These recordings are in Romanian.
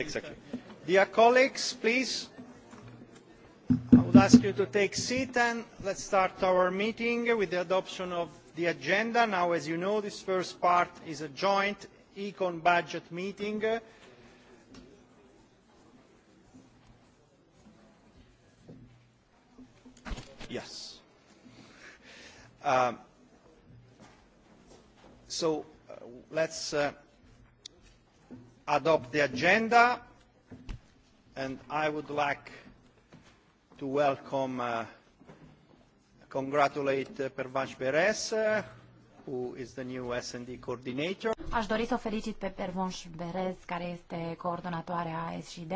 Exactly. Dear colleagues, please, I would ask you to take seat and let's start our meeting with the adoption of the agenda. Now, as you know, this first part is a joint Econ budget meeting. Yes. Uh, so uh, let's uh, adopt the agenda and I would like to welcome, uh, congratulate uh, Pervanș Beres, uh, who is the new S&D coordinator. Aș dori să o felicit pe Pervanș Beres, care este coordonatoarea S&D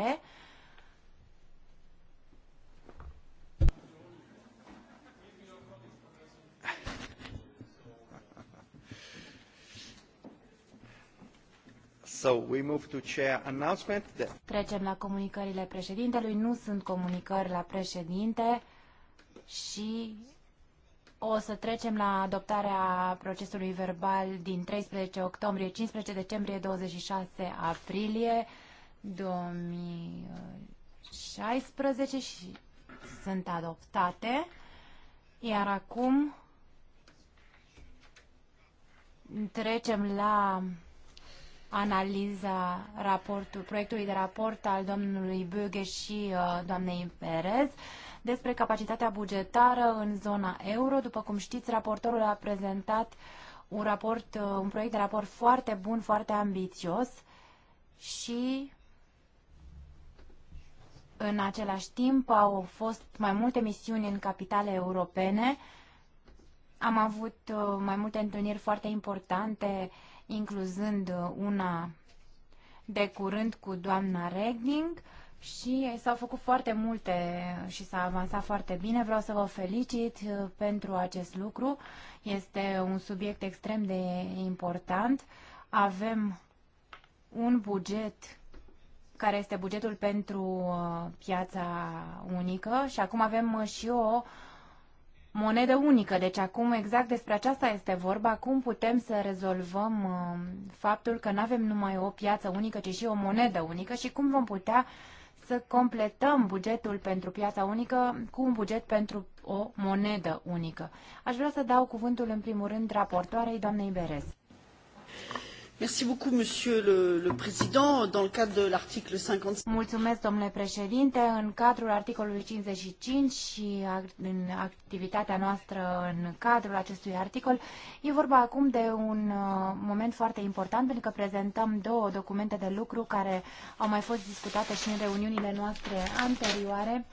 So we move to chair announcement. Trecem la comunicările președintelui. Nu sunt comunicări la președinte și o să trecem la adoptarea procesului verbal din 13 octombrie, 15 decembrie, 26 aprilie 2016 și sunt adoptate. Iar acum trecem la analiza raportul, proiectului de raport al domnului Böge și uh, doamnei Perez despre capacitatea bugetară în zona euro. După cum știți, raportorul a prezentat un, raport, uh, un proiect de raport foarte bun, foarte ambițios și în același timp au fost mai multe misiuni în capitale europene. Am avut uh, mai multe întâlniri foarte importante uh, incluzând uh, una de curând cu doamna Regning și s-au făcut foarte multe și s-a avansat foarte bine. Vreau să vă felicit uh, pentru acest lucru. Este un subiect extrem de important. Avem un buget care este bugetul pentru uh, piața unică și acum avem și o uh, monedă unică. Deci acum exact despre aceasta este vorba, cum putem să rezolvăm uh, faptul că nu avem numai o piață unică, ci și o monedă unică și cum vom putea să completăm bugetul pentru piața unică cu un buget pentru o monedă unică. Aș vrea să dau cuvântul în primul rând raportoarei doamnei Beres. Mulțumesc, domnule președinte. În cadrul articolului 55 și în activitatea noastră în cadrul acestui articol, e vorba acum de un uh, moment foarte important pentru că prezentăm două documente de lucru care au mai fost discutate și în reuniunile noastre anterioare.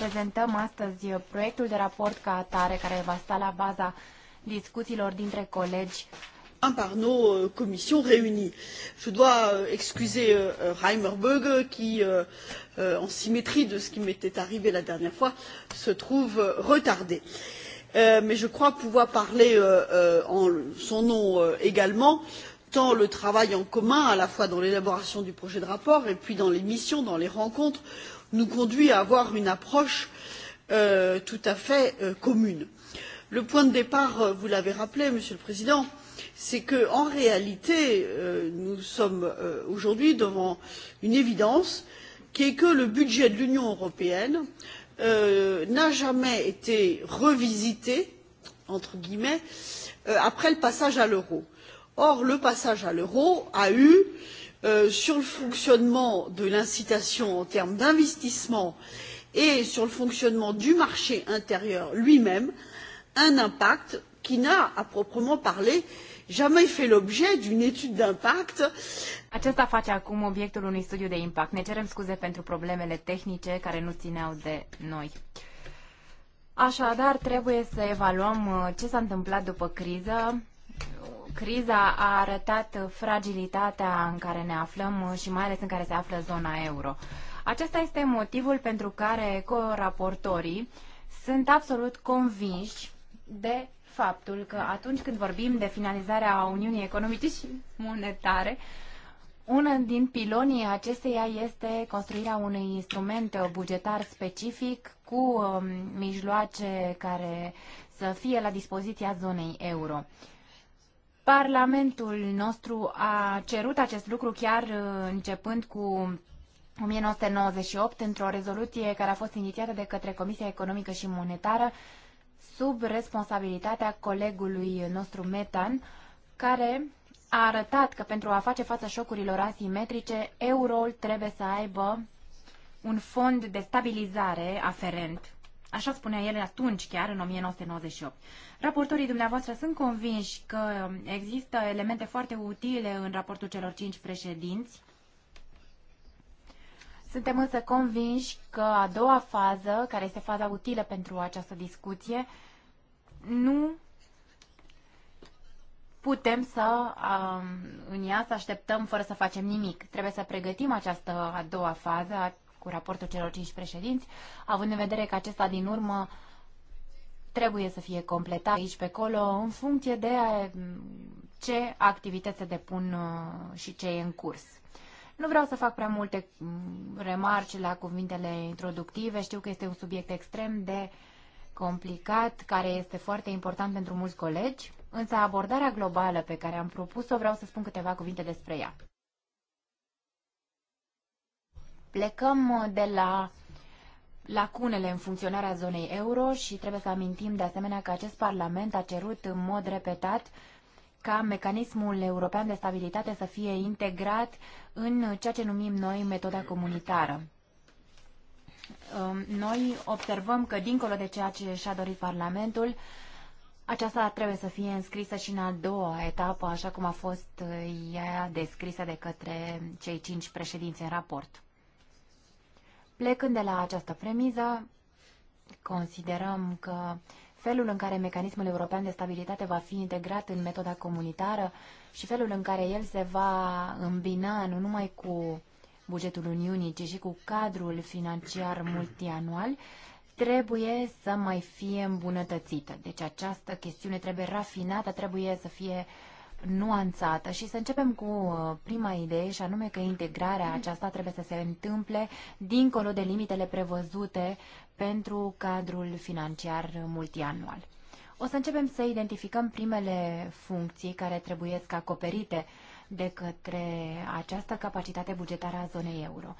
Prezentăm astăzi proiectul de raport ca atare care va sta la baza discuțiilor dintre colegi uh, un par nos euh, commissions réunies. je dois euh, excuser euh, reimer Böge qui en symétrie de ce qui m'était arrivé la dernière fois se trouve retardé mais je crois pouvoir parler en son nom également tant le travail en commun à la fois dans l'élaboration du projet de rapport et puis dans les missions dans les rencontres nous conduit à avoir une approche euh, tout à fait euh, commune. le point de départ vous l'avez rappelé monsieur le président euh, c'est qu'en réalité euh, nous sommes euh, aujourd'hui devant une évidence qui est que le budget de l'union européenne euh, n'a jamais été revisité entre guillemets après le passage à l'euro. or le passage à l'euro a eu sur le fonctionnement de l'incitation en termes d'investissement et sur le fonctionnement du marché intérieur lui même un impact qui n'a à proprement parler jamais fait l'objet d'une étude d'impact. Acesta face acum obiectul unui studiu de impact. Ne cerem scuze pentru problemele tehnice care nu țineau de noi. Așadar, trebuie să evaluăm uh, ce s-a întâmplat după criză. Criza a arătat fragilitatea în care ne aflăm uh, și mai ales în care se află zona euro. Acesta este motivul pentru care coraportorii sunt absolut convinși de faptul că atunci când vorbim de finalizarea Uniunii Economice și Monetare, una din pilonii acesteia este construirea unui instrument bugetar specific cu um, mijloace care să fie la dispoziția zonei euro. Parlamentul nostru a cerut acest lucru chiar uh, începând cu 1998 într-o rezoluție care a fost inițiată de către Comisia Economică și Monetară sub responsabilitatea colegului nostru Metan, care a arătat că pentru a face față șocurilor asimetrice, euroul trebuie să aibă un fond de stabilizare aferent. Așa spunea el atunci, chiar în 1998. Raportorii dumneavoastră sunt convinși că există elemente foarte utile în raportul celor cinci președinți. Suntem însă convinși că a doua fază, care este faza utilă pentru această discuție, nu putem să um, în ea să așteptăm fără să facem nimic. Trebuie să pregătim această a doua fază cu raportul celor cinci președinți, având în vedere că acesta din urmă trebuie să fie completat aici pe acolo în funcție de ce activități se depun uh, și ce e în curs. Nu vreau să fac prea multe mm, remarci la cuvintele introductive, știu că este un subiect extrem de uh, complicat, care este foarte important pentru mulți colegi, însă abordarea globală pe care am propus-o vreau să spun câteva cuvinte despre ea. Plecăm uh, de la lacunele în funcționarea zonei euro și trebuie să amintim de asemenea că acest Parlament a cerut în mod repetat ca mecanismul european de stabilitate să fie integrat în ceea ce numim noi metoda comunitară. Um, noi observăm că, dincolo de ceea ce și-a dorit Parlamentul, aceasta trebuie să fie înscrisă și în a doua etapă, așa cum a fost uh, ea descrisă de către cei cinci președinți în raport. Plecând de la această premiză, considerăm că felul în care mecanismul european de stabilitate va fi integrat în metoda comunitară și felul în care el se va îmbina nu numai cu bugetul Uniunii, ci și cu cadrul financiar multianual, trebuie să mai fie îmbunătățită. Deci această chestiune trebuie rafinată, trebuie să fie nuanțată și să începem cu uh, prima idee și anume că integrarea aceasta trebuie să se întâmple dincolo de limitele prevăzute pentru cadrul financiar multianual. O să începem să identificăm primele funcții care trebuie să acoperite de către această capacitate bugetară a zonei euro.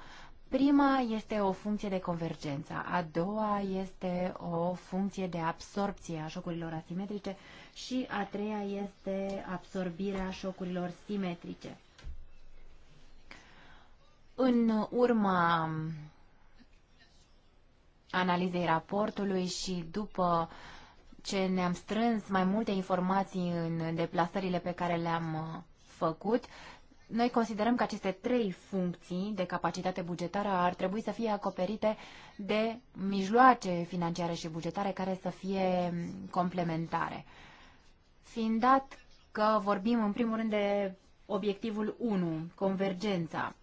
Prima este o funcție de convergență, a doua este o funcție de absorpție a șocurilor asimetrice și a treia este absorbirea șocurilor simetrice. În urma analizei raportului și după ce ne-am strâns mai multe informații în deplasările pe care le-am uh, făcut. Noi considerăm că aceste trei funcții de capacitate bugetară ar trebui să fie acoperite de mijloace financiare și bugetare care să fie mm, complementare. Fiind dat că vorbim în primul rând de obiectivul 1, convergența,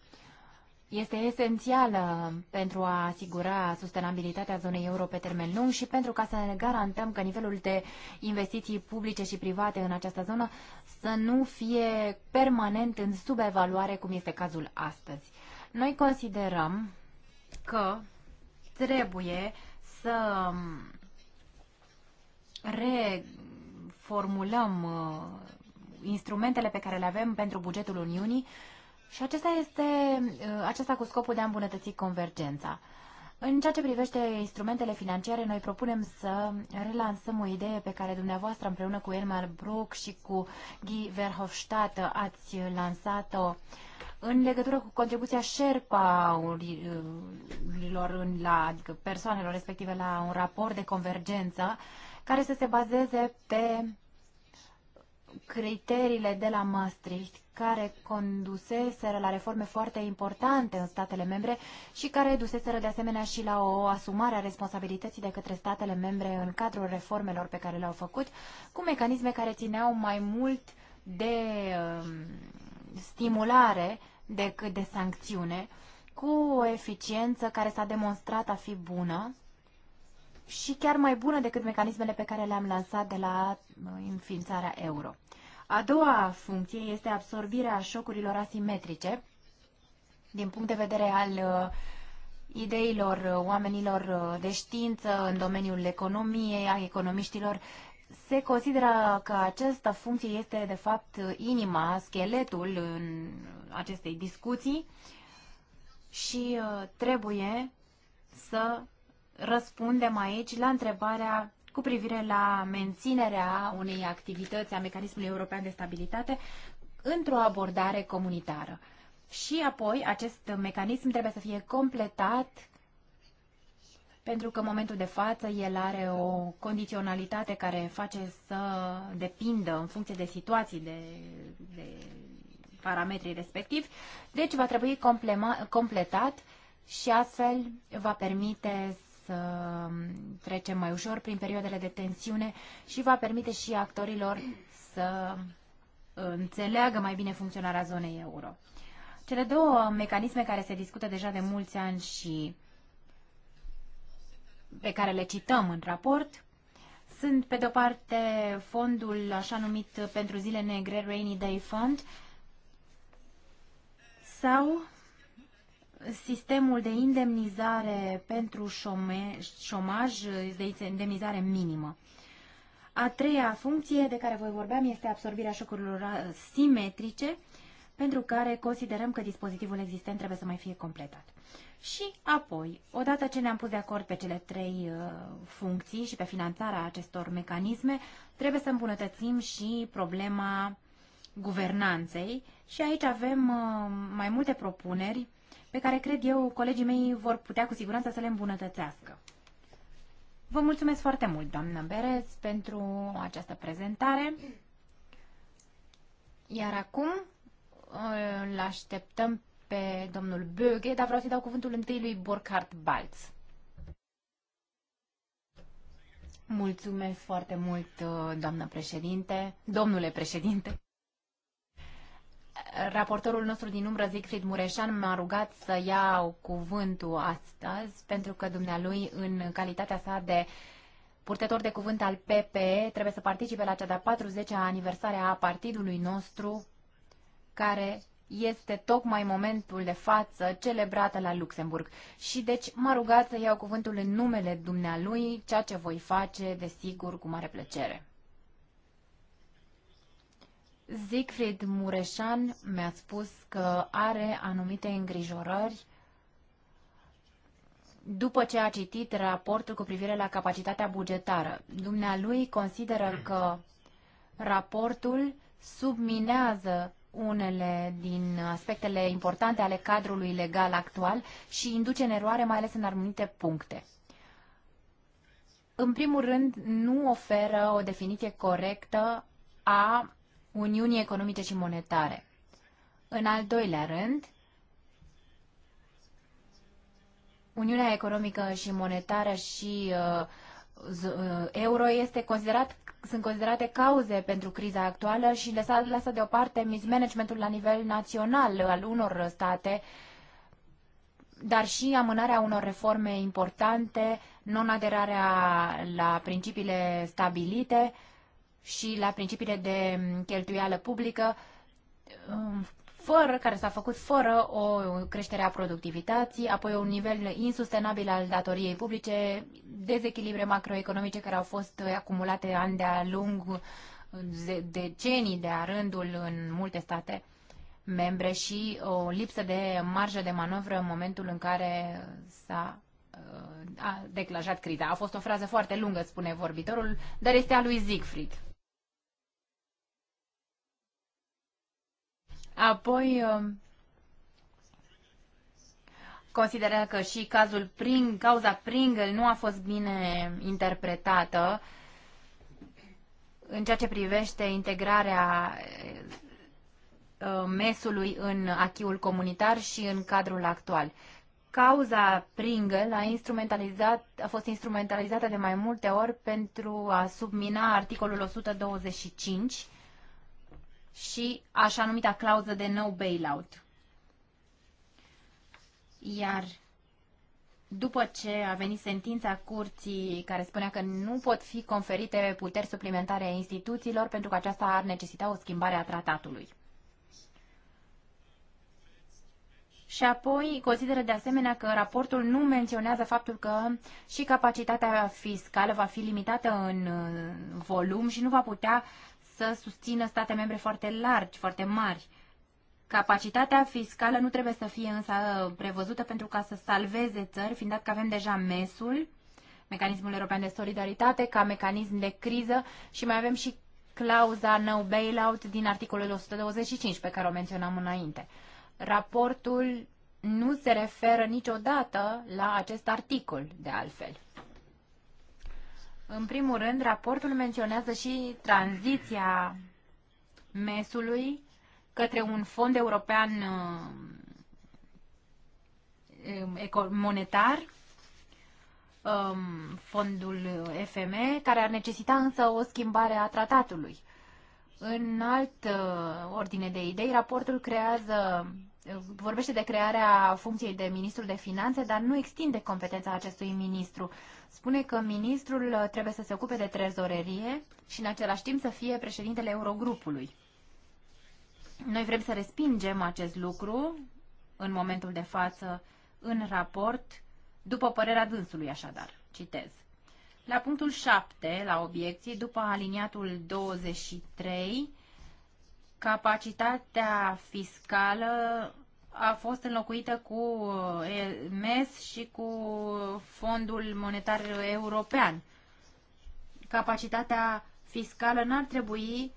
este esențială pentru a asigura sustenabilitatea zonei euro pe termen lung și pentru ca să ne garantăm că nivelul de investiții publice și private în această zonă să nu fie permanent în subevaluare, cum este cazul astăzi. Noi considerăm că trebuie să reformulăm uh, instrumentele pe care le avem pentru bugetul Uniunii și acesta este, uh, acesta cu scopul de a îmbunătăți convergența. În ceea ce privește instrumentele financiare, noi propunem să relansăm o idee pe care dumneavoastră împreună cu Elmar Brook și cu Guy Verhofstadt ați lansat-o în legătură cu contribuția șerpaurilor la, adică persoanelor respective la un raport de convergență care să se bazeze pe criteriile de la Maastricht, care conduseseră la reforme foarte importante în statele membre și care duseseră de asemenea și la o asumare a responsabilității de către statele membre în cadrul reformelor pe care le-au făcut, cu mecanisme care țineau mai mult de uh, stimulare decât de sancțiune, cu o eficiență care s-a demonstrat a fi bună și chiar mai bună decât mecanismele pe care le-am lansat de la uh, înființarea euro. A doua funcție este absorbirea șocurilor asimetrice din punct de vedere al uh, ideilor uh, oamenilor de știință în domeniul economiei, a economiștilor. Se consideră că această funcție este, de fapt, inima, scheletul în acestei discuții și trebuie să răspundem aici la întrebarea cu privire la menținerea unei activități a mecanismului european de stabilitate într-o abordare comunitară. Și apoi acest mecanism trebuie să fie completat pentru că în momentul de față el are o condiționalitate care face să depindă în funcție de situații, de, de parametrii respectivi. Deci va trebui completat și astfel va permite să trecem mai ușor prin perioadele de tensiune și va permite și actorilor să înțeleagă mai bine funcționarea zonei euro. Cele două mecanisme care se discută deja de mulți ani și pe care le cităm în raport sunt, pe de-o parte, fondul așa numit pentru zile negre, Rainy Day Fund, sau sistemul de indemnizare pentru șomaj, de indemnizare minimă. A treia funcție de care voi vorbeam este absorbirea șocurilor simetrice, pentru care considerăm că dispozitivul existent trebuie să mai fie completat. Și apoi, odată ce ne-am pus de acord pe cele trei uh, funcții și pe finanțarea acestor mecanisme, trebuie să îmbunătățim și problema guvernanței și aici avem uh, mai multe propuneri pe care cred eu colegii mei vor putea cu siguranță să le îmbunătățească. Vă mulțumesc foarte mult, doamnă Berez, pentru această prezentare. Iar acum îl așteptăm pe domnul Böge, dar vreau să-i dau cuvântul întâi lui Burkhard Balz. Mulțumesc foarte mult, doamnă președinte, domnule președinte. Raportorul nostru din umbră, Zicfrid Mureșan, m-a rugat să iau cuvântul astăzi, pentru că dumnealui, în calitatea sa de purtător de cuvânt al PPE, trebuie să participe la cea de-a 40-a aniversare a partidului nostru, care este tocmai momentul de față celebrată la Luxemburg. Și deci m-a rugat să iau cuvântul în numele dumnealui, ceea ce voi face, desigur, cu mare plăcere. Siegfried Mureșan mi-a spus că are anumite îngrijorări după ce a citit raportul cu privire la capacitatea bugetară. Dumnealui consideră că raportul subminează unele din aspectele importante ale cadrului legal actual și induce în eroare mai ales în anumite puncte. În primul rând, nu oferă o definiție corectă a Uniunii Economice și Monetare. În al doilea rând, Uniunea Economică și Monetară și uh, uh euro este considerat, sunt considerate cauze pentru criza actuală și lăsat, lăsat deoparte mismanagementul la nivel național al unor state, dar și amânarea unor reforme importante, non-aderarea la principiile stabilite, uh, și la principiile de cheltuială publică, um, fără, care s-a făcut fără o creștere a productivității, apoi un nivel insustenabil al datoriei publice, dezechilibre macroeconomice care au fost acumulate ani de-a lung, decenii de-a rândul în multe state membre și o lipsă de marjă de manovră în momentul în care s-a uh, a declanșat criza. A fost o frază foarte lungă, spune vorbitorul, dar este a lui Siegfried. Apoi, um, consideră că și cazul Pring, cauza Pringle nu a fost bine interpretată în ceea ce privește integrarea uh, mesului în achiul comunitar și în cadrul actual. Cauza Pringle a, instrumentalizat, a fost instrumentalizată de mai multe ori pentru a submina articolul 125 și așa numita clauză de no bailout. Iar după ce a venit sentința curții care spunea că nu pot fi conferite puteri suplimentare a instituțiilor pentru că aceasta ar necesita o schimbare a tratatului. Și apoi consideră de asemenea că raportul nu menționează faptul că și capacitatea fiscală va fi limitată în uh, volum și nu va putea uh, să susțină state membre foarte largi, foarte mari. Capacitatea fiscală nu trebuie să fie însă uh, prevăzută pentru ca să salveze țări, fiind dat că avem deja mesul, mecanismul european de solidaritate, ca mecanism de criză și mai avem și clauza no bailout din articolul 125 pe care o menționam înainte. Raportul nu se referă niciodată la acest articol, de altfel. În primul rând, raportul menționează și tranziția mesului către un fond european uh, monetar, um, fondul FM, care ar necesita însă o schimbare a tratatului. În alt uh, ordine de idei, raportul creează vorbește de crearea funcției de ministru de finanțe, dar nu extinde competența acestui ministru. Spune că ministrul uh, trebuie să se ocupe de trezorerie și în același timp să fie președintele Eurogrupului. Noi vrem să respingem acest lucru în momentul de față în raport, după părerea dânsului așadar. Citez. La punctul 7, la obiecții, după aliniatul 23, capacitatea fiscală a fost înlocuită cu uh, MES și cu Fondul Monetar European. Capacitatea fiscală n-ar trebui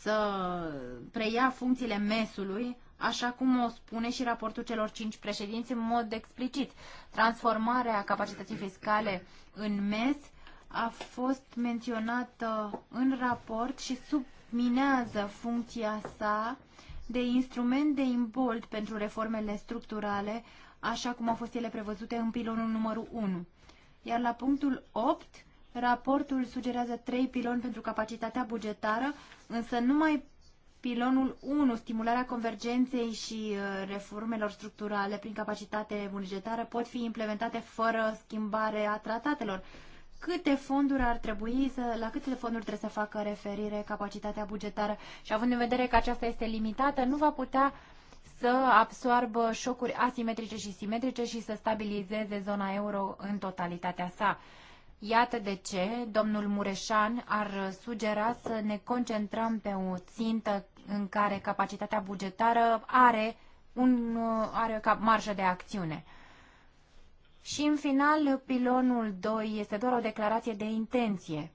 să preia funcțiile MES-ului, așa cum o spune și raportul celor cinci președinți în mod explicit. Transformarea capacității fiscale în MES a fost menționată în raport și sub minează funcția sa de instrument de imbold pentru reformele structurale, așa cum au fost ele prevăzute în pilonul numărul 1. Iar la punctul 8, raportul sugerează trei piloni pentru capacitatea bugetară, însă numai pilonul 1, stimularea convergenței și uh, reformelor structurale prin capacitate bugetară, pot fi implementate fără schimbare a tratatelor câte fonduri ar trebui să, la câte fonduri trebuie să facă referire capacitatea bugetară și având în vedere că aceasta este limitată, nu va putea să absoarbă șocuri asimetrice și simetrice și să stabilizeze zona euro în totalitatea sa. Iată de ce domnul Mureșan ar sugera să ne concentrăm pe o țintă în care capacitatea bugetară are, un, are marjă de acțiune. Și în final, pilonul 2 este doar o declarație de intenție.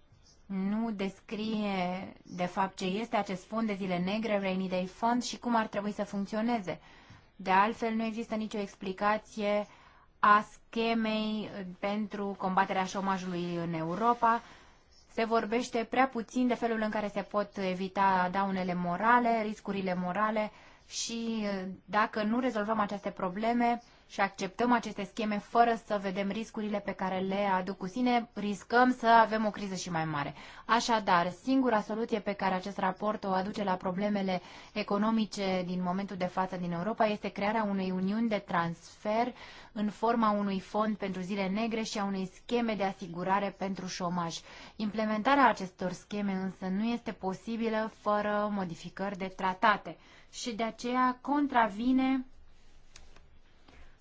Nu descrie, de fapt, ce este acest fond de zile negre, Rainy Day Fund, și cum ar trebui să funcționeze. De altfel, nu există nicio explicație a schemei pentru combaterea șomajului în Europa. Se vorbește prea puțin de felul în care se pot evita daunele morale, riscurile morale și dacă nu rezolvăm aceste probleme, și acceptăm aceste scheme fără să vedem riscurile pe care le aduc cu sine, riscăm să avem o criză și mai mare. Așadar, singura soluție pe care acest raport o aduce la problemele economice din momentul de față din Europa este crearea unei uniuni de transfer în forma unui fond pentru zile negre și a unei scheme de asigurare pentru șomaj. Implementarea acestor scheme însă nu este posibilă fără modificări de tratate și de aceea contravine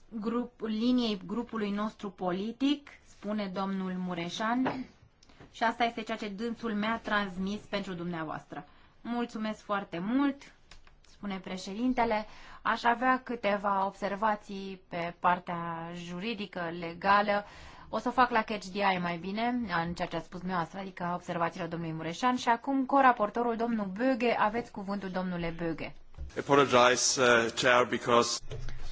grup, liniei grupului nostru politic, spune domnul Mureșan, și asta este ceea ce dânsul mi-a transmis pentru dumneavoastră. Mulțumesc foarte mult, spune președintele. Aș avea câteva observații pe partea juridică, legală. O să o fac la Catch eye mai bine, în ceea ce a spus dumneavoastră, adică observațiile domnului Mureșan. Și acum, coraportorul domnul Böge, aveți cuvântul domnule Böge. Uh,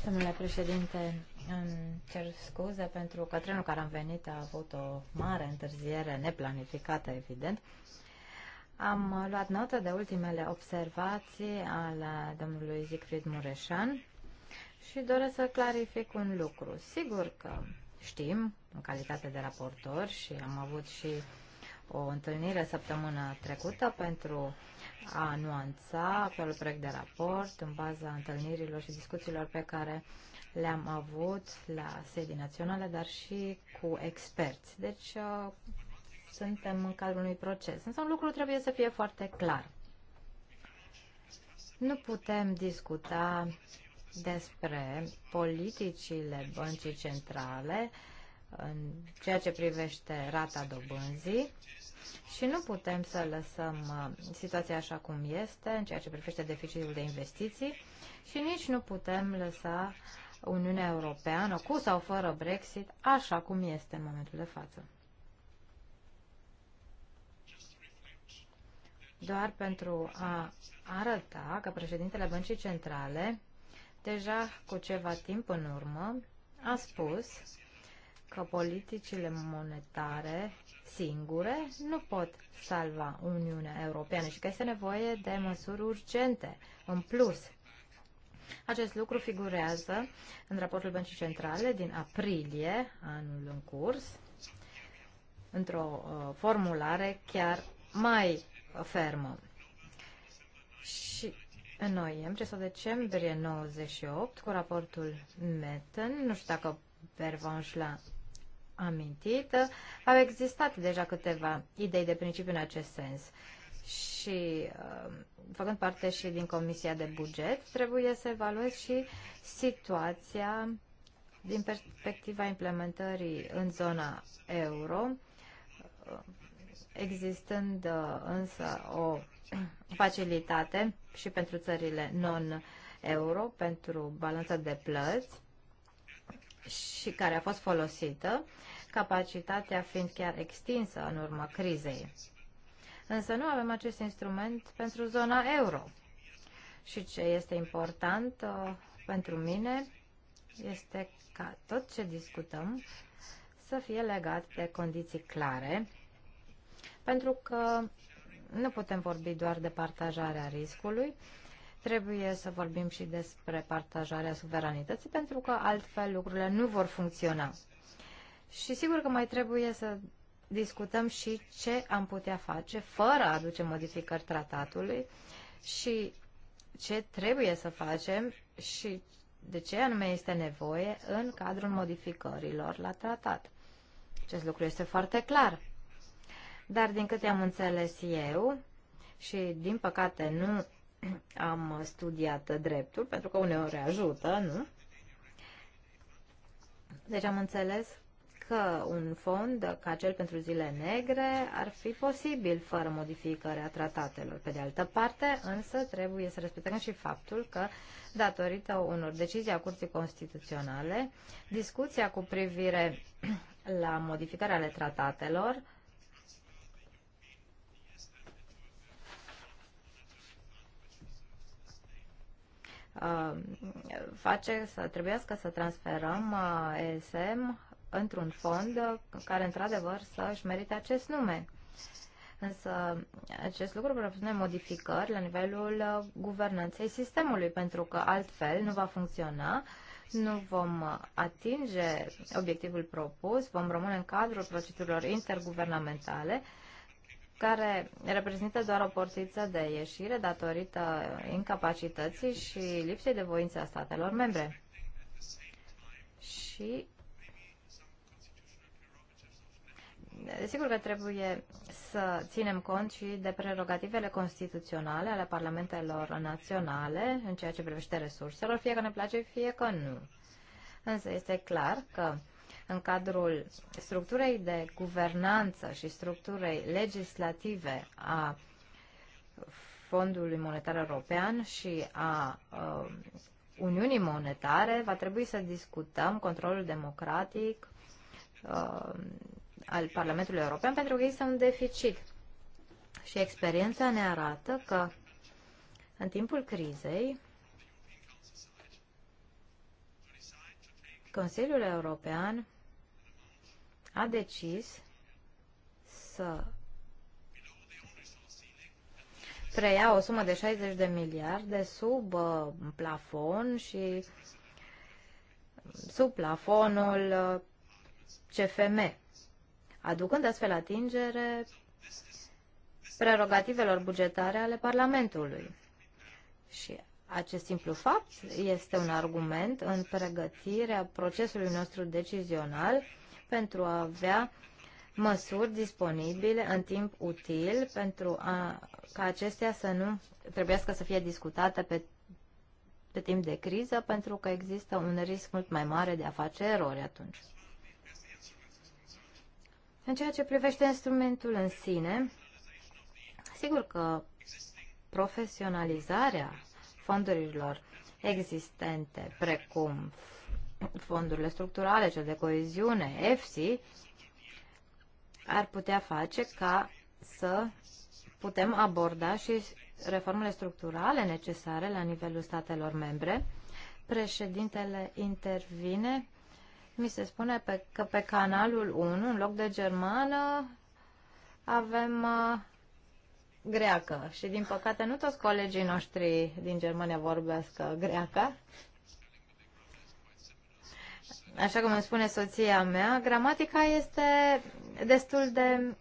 Domnule președinte, îmi cer scuze pentru că trenul care am venit a avut o mare întârziere neplanificată, evident. Am luat notă de ultimele observații ale domnului Siegfried Mureșan și doresc să clarific un lucru. Sigur că știm, în calitate de raportor, și am avut și o întâlnire săptămâna trecută pentru a nuanța actualul proiect de raport în baza întâlnirilor și discuțiilor pe care le-am avut la sedii naționale, dar și cu experți. Deci uh, suntem în cadrul unui proces. Însă un lucru trebuie să fie foarte clar. Nu putem discuta despre politicile băncii centrale în ceea ce privește rata dobânzii și nu putem să lăsăm uh, situația așa cum este în ceea ce privește deficitul de investiții și nici nu putem lăsa Uniunea Europeană, cu sau fără Brexit, așa cum este în momentul de față. Doar pentru a arăta că președintele Băncii Centrale, deja cu ceva timp în urmă, a spus că politicile monetare singure nu pot salva Uniunea Europeană și că este nevoie de măsuri urgente în plus. Acest lucru figurează în raportul Băncii Centrale din aprilie anul în curs, într-o uh, formulare chiar mai fermă. Și în noiembrie sau decembrie 98, cu raportul Metten, nu știu dacă Pervanș l-a amintit, au existat deja câteva idei de principiu în acest sens. Și um, făcând parte și din Comisia de Buget, trebuie să evaluez și situația din perspectiva implementării în zona euro, existând uh, însă o facilitate și pentru țările non-euro, pentru balanța de plăți, și care a fost folosită, capacitatea fiind chiar extinsă în urma crizei. Însă nu avem acest instrument pentru zona euro. Și ce este important uh, pentru mine este ca tot ce discutăm să fie legat de condiții clare, pentru că nu putem vorbi doar de partajarea riscului, trebuie să vorbim și despre partajarea suveranității, pentru că altfel lucrurile nu vor funcționa. Și sigur că mai trebuie să discutăm și ce am putea face fără a aduce modificări tratatului și ce trebuie să facem și de ce anume este nevoie în cadrul modificărilor la tratat. Acest lucru este foarte clar. Dar din câte am înțeles eu, și din păcate nu am studiat dreptul, pentru că uneori ajută, nu? Deci am înțeles că un fond ca cel pentru zile negre ar fi posibil fără modificarea tratatelor. Pe de altă parte, însă, trebuie să respectăm și faptul că, datorită unor decizii a Curții Constituționale, discuția cu privire la modificarea ale tratatelor Uh, face să trebuiască să transferăm uh, ESM într-un fond care într-adevăr să-și merite acest nume. Însă acest lucru propune modificări la nivelul uh, guvernanței sistemului, pentru că altfel nu va funcționa, nu vom atinge obiectivul propus, vom rămâne în cadrul procedurilor interguvernamentale care reprezintă doar o porțiță de ieșire datorită incapacității și lipsei de voință a statelor membre. Și desigur că trebuie să ținem cont și de prerogativele constituționale ale parlamentelor naționale în ceea ce privește resurselor, fie că ne place, fie că nu. Însă este clar că în cadrul structurii de guvernanță și structurii legislative a Fondului Monetar European și a uh, Uniunii Monetare, va trebui să discutăm controlul democratic uh, al Parlamentului European, pentru că există un deficit. Și experiența ne arată că în timpul crizei, Consiliul European a decis să preia o sumă de 60 de miliarde sub uh, plafon și sub plafonul uh, CFM, aducând astfel atingere prerogativelor bugetare ale Parlamentului. Și acest simplu fapt este un argument în pregătirea procesului nostru decizional pentru a avea măsuri disponibile în timp util pentru a, ca acestea să nu trebuiască să fie discutate pe, pe timp de criză pentru că există un risc mult mai mare de a face erori atunci. În ceea ce privește instrumentul în sine, sigur că profesionalizarea fondurilor existente, precum fondurile structurale, cel de coeziune, EFSI, ar putea face ca să putem aborda și reformele structurale necesare la nivelul statelor membre. Președintele intervine. Mi se spune pe, că pe canalul 1, în loc de germană, avem uh, greacă. Și din păcate nu toți colegii noștri din Germania vorbesc uh, greacă, așa cum îmi spune soția mea, gramatica este destul de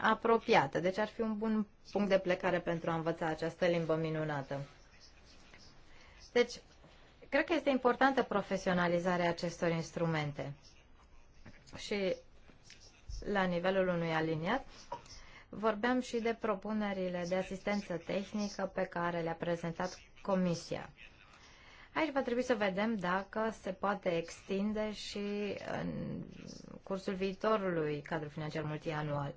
apropiată, deci ar fi un bun punct de plecare pentru a învăța această limbă minunată. Deci, cred că este importantă profesionalizarea acestor instrumente. Și la nivelul unui aliniat, vorbeam și de propunerile de asistență tehnică pe care le-a prezentat Comisia. Aici va trebui să vedem dacă se poate extinde și în cursul viitorului cadru financiar multianual.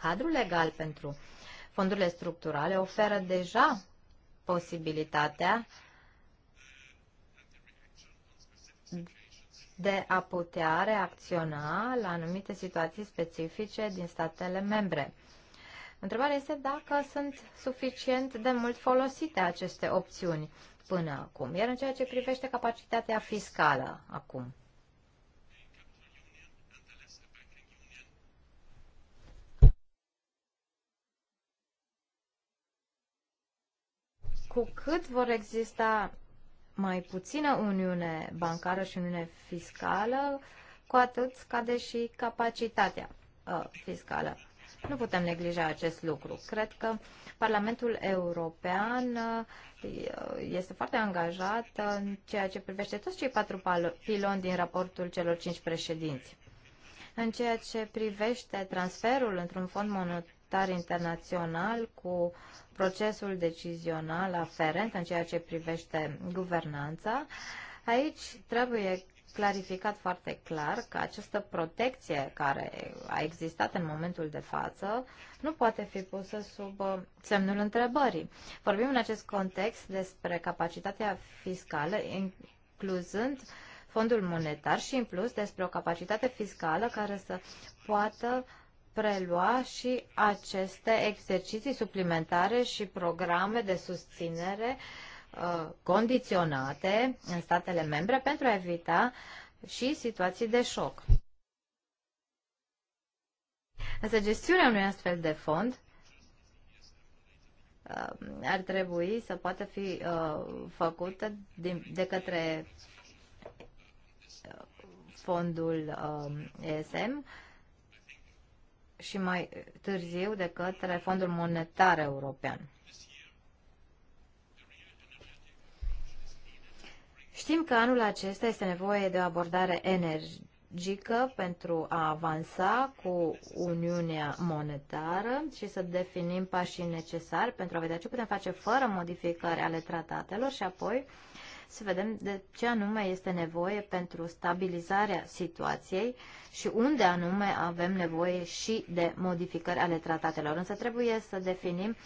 Cadrul legal pentru fondurile structurale oferă deja posibilitatea de a putea reacționa la anumite situații specifice din statele membre. Întrebarea este dacă sunt suficient de mult folosite aceste opțiuni până acum, iar în ceea ce privește capacitatea fiscală acum. Cu cât vor exista mai puțină uniune bancară și uniune fiscală, cu atât scade și capacitatea uh, fiscală. Nu putem neglija acest lucru. Cred că Parlamentul European uh, este foarte angajat în ceea ce privește toți cei patru piloni din raportul celor cinci președinți. În ceea ce privește transferul într-un fond monetar internațional cu procesul decizional aferent în ceea ce privește guvernanța, aici trebuie clarificat foarte clar că această protecție care a existat în momentul de față nu poate fi pusă sub uh, semnul întrebării. Vorbim în acest context despre capacitatea fiscală, incluzând fondul monetar și în plus despre o capacitate fiscală care să poată prelua și aceste exerciții suplimentare și programe de susținere uh, Uh, condiționate în statele membre pentru a evita și situații de șoc. Însă gestiunea unui astfel de fond uh, ar trebui să poată fi uh, făcută de către fondul ESM și mai târziu de către Fondul Monetar European. Știm că anul acesta este nevoie de o abordare energică pentru a avansa cu Uniunea Monetară și să definim pașii necesari pentru a vedea ce putem face fără modificări ale tratatelor și apoi să vedem de ce anume este nevoie pentru stabilizarea situației și unde anume avem nevoie și de modificări ale tratatelor. Însă trebuie să definim uh,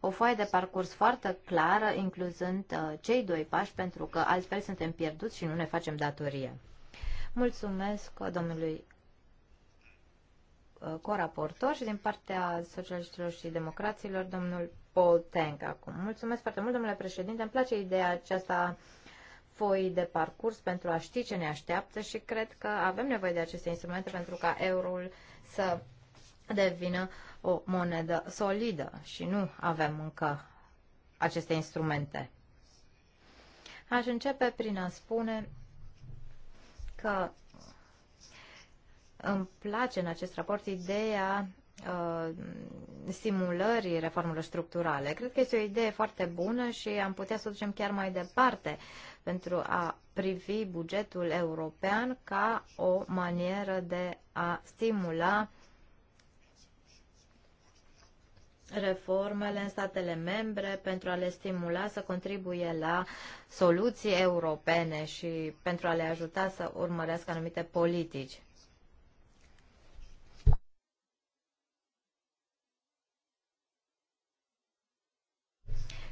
o foaie de parcurs foarte clară, incluzând uh, cei doi pași, pentru că altfel suntem pierduți și nu ne facem datorie. Mulțumesc domnului uh, coraportor și din partea socialiștilor și democraților, domnul Paul Tank acum. Mulțumesc foarte mult, domnule președinte. Îmi place ideea aceasta foi de parcurs pentru a ști ce ne așteaptă și cred că avem nevoie de aceste instrumente pentru ca eurul să devină o monedă solidă și nu avem încă aceste instrumente. Aș începe prin a spune că îmi place în acest raport ideea uh, simulării reformelor structurale. Cred că este o idee foarte bună și am putea să o ducem chiar mai departe pentru a privi bugetul european ca o manieră de a stimula reformele în statele membre pentru a le stimula să contribuie la soluții europene și pentru a le ajuta să urmărească anumite politici.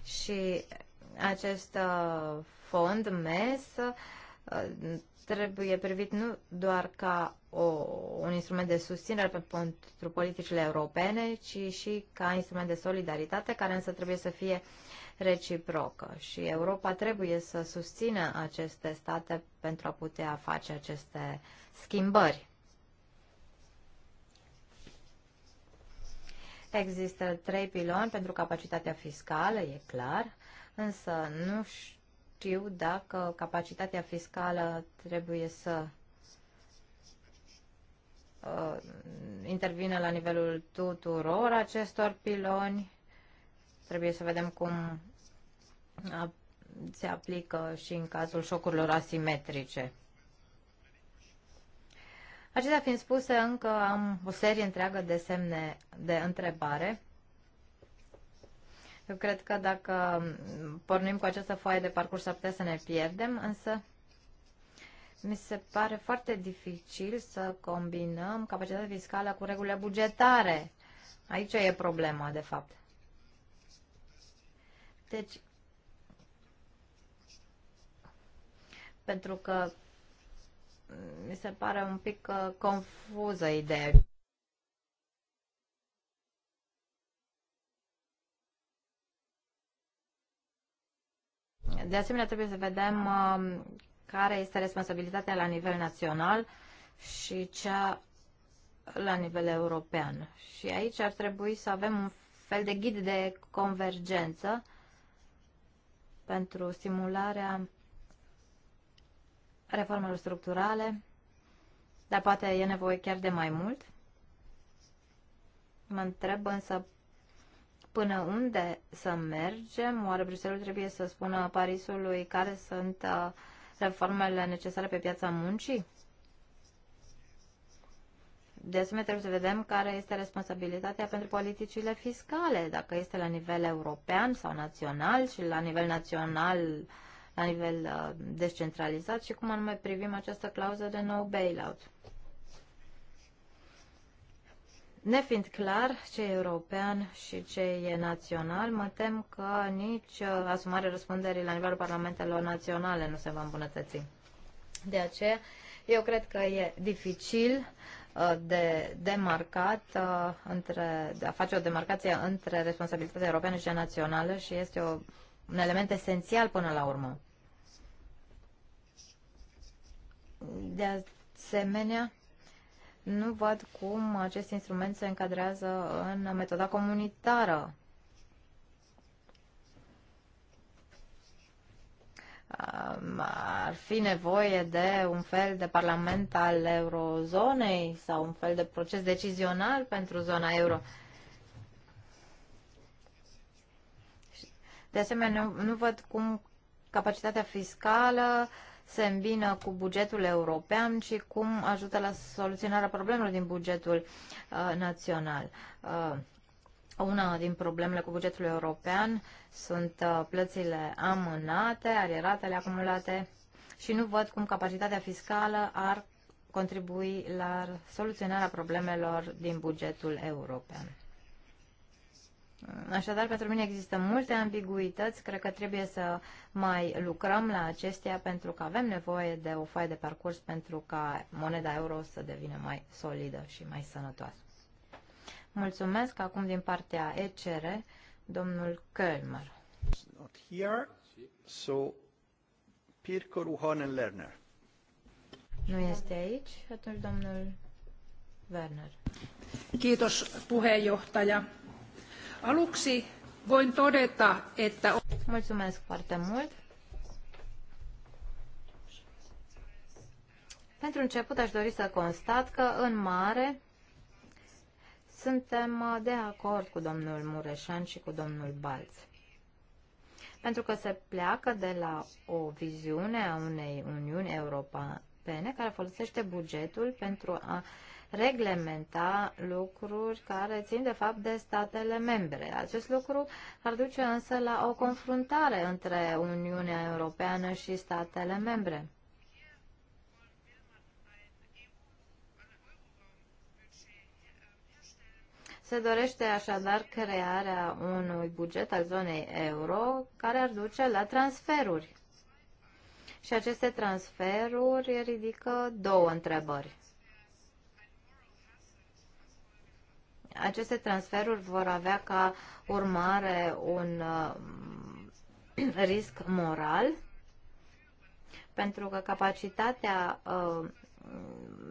Și acest uh, fond MES uh, trebuie privit nu doar ca o, un instrument de susținere pentru politicile europene, ci și ca instrument de solidaritate, care însă trebuie să fie reciprocă. Și Europa trebuie să susțină aceste state pentru a putea face aceste schimbări. Există trei piloni pentru capacitatea fiscală, e clar, însă nu știu dacă capacitatea fiscală trebuie să Uh, intervine la nivelul tuturor acestor piloni. Trebuie să vedem cum se aplică și în cazul șocurilor asimetrice. Acestea fiind spuse, încă am o serie întreagă de semne de întrebare. Eu cred că dacă pornim cu această foaie de parcurs, ar putea să ne pierdem, însă mi se pare foarte dificil să combinăm capacitatea fiscală cu regulile bugetare. Aici e problema, de fapt. Deci, pentru că mi se pare un pic uh, confuză ideea. De asemenea, trebuie să vedem uh, care este responsabilitatea la nivel național și cea la nivel european. Și aici ar trebui să avem un fel de ghid de convergență pentru stimularea reformelor structurale, dar poate e nevoie chiar de mai mult. Mă întreb însă până unde să mergem? Oare Bruxelles trebuie să spună Parisului care sunt uh, reformele necesare pe piața muncii? De asemenea, trebuie să vedem care este responsabilitatea pentru politicile fiscale, dacă este la nivel european sau național și la nivel național, la nivel uh, descentralizat și cum anume privim această clauză de no bailout. Nefiind clar ce e european și ce e național, mă tem că nici uh, asumarea răspunderii la nivelul parlamentelor naționale nu se va îmbunătăți. De aceea, eu cred că e dificil uh, de demarcat uh, între, de a face o demarcație între responsabilitatea europeană și națională și este o, un element esențial până la urmă. De asemenea, nu văd cum acest instrument se încadrează în metoda comunitară. Ar fi nevoie de un fel de parlament al eurozonei sau un fel de proces decizional pentru zona euro. De asemenea, nu, nu văd cum capacitatea fiscală uh, se îmbină cu bugetul european și cum ajută la soluționarea problemelor din bugetul uh, național. Uh, una din problemele cu bugetul european sunt uh, plățile amânate, arieratele acumulate și nu văd cum capacitatea fiscală ar contribui la soluționarea problemelor din bugetul european. Așadar, pentru mine există multe ambiguități, cred că trebuie să mai lucrăm la acestea pentru că avem nevoie de o foaie de parcurs pentru ca moneda euro să devină mai solidă și mai sănătoasă. Mulțumesc. Acum din partea ECR, domnul Kölmer. Not here, so Ruhonen Lerner. Nu este aici, atunci domnul Werner. Kiitos puheenjohtaja. Aluksi voin todeta, että... Mulțumesc foarte mult! Pentru început aș dori să constat că, în mare, suntem de acord cu domnul Mureșan și cu domnul Balț. Pentru că se pleacă de la o viziune a unei Uniuni Europene care folosește bugetul pentru a uh, reglementa lucruri care țin de fapt de statele membre. Acest lucru ar duce însă la o confruntare între Uniunea Europeană și statele membre. Se dorește așadar crearea unui buget al zonei euro care ar duce la transferuri. Și aceste transferuri ridică două întrebări. Aceste transferuri vor avea ca urmare un uh, risc moral, pentru că capacitatea uh,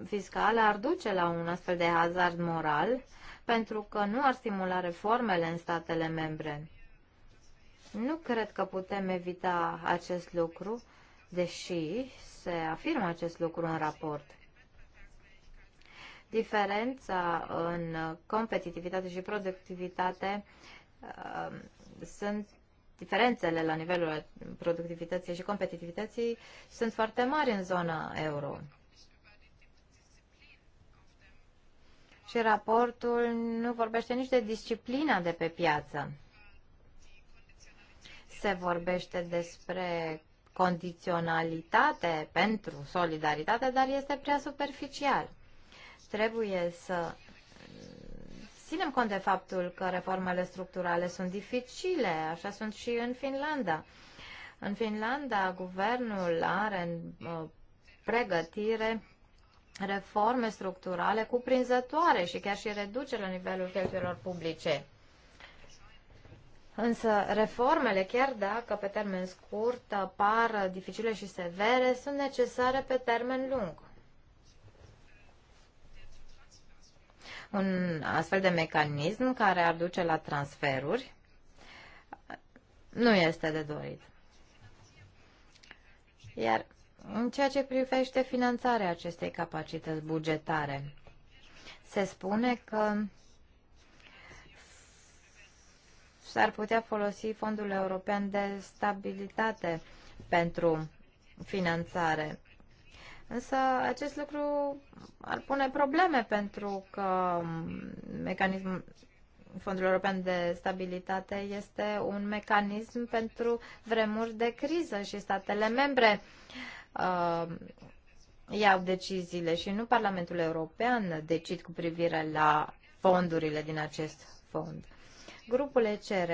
fiscală ar duce la un astfel de hazard moral, pentru că nu ar stimula reformele în statele membre. Nu cred că putem evita acest lucru, deși se afirmă acest lucru în raport. Diferența în competitivitate și productivitate um, sunt diferențele la nivelul productivității și competitivității sunt foarte mari în zona euro. Și raportul nu vorbește nici de disciplina de pe piață. Se vorbește despre condiționalitate pentru solidaritate, dar este prea superficial. Trebuie să ținem cont de faptul că reformele structurale sunt dificile, așa sunt și în Finlanda. În Finlanda, guvernul are în uh, pregătire reforme structurale cuprinzătoare și chiar și reducere la nivelul cheltuielor publice. Însă reformele, chiar dacă pe termen scurt par dificile și severe, sunt necesare pe termen lung. un astfel de mecanism care ar duce la transferuri nu este de dorit. Iar în ceea ce privește finanțarea acestei capacități bugetare, se spune că s-ar putea folosi Fondul European de Stabilitate pentru finanțare Însă acest lucru ar pune probleme pentru că mecanismul Fondul European de Stabilitate este un mecanism pentru vremuri de criză și statele membre uh, iau deciziile și nu Parlamentul European decid cu privire la fondurile din acest fond. Grupul ECR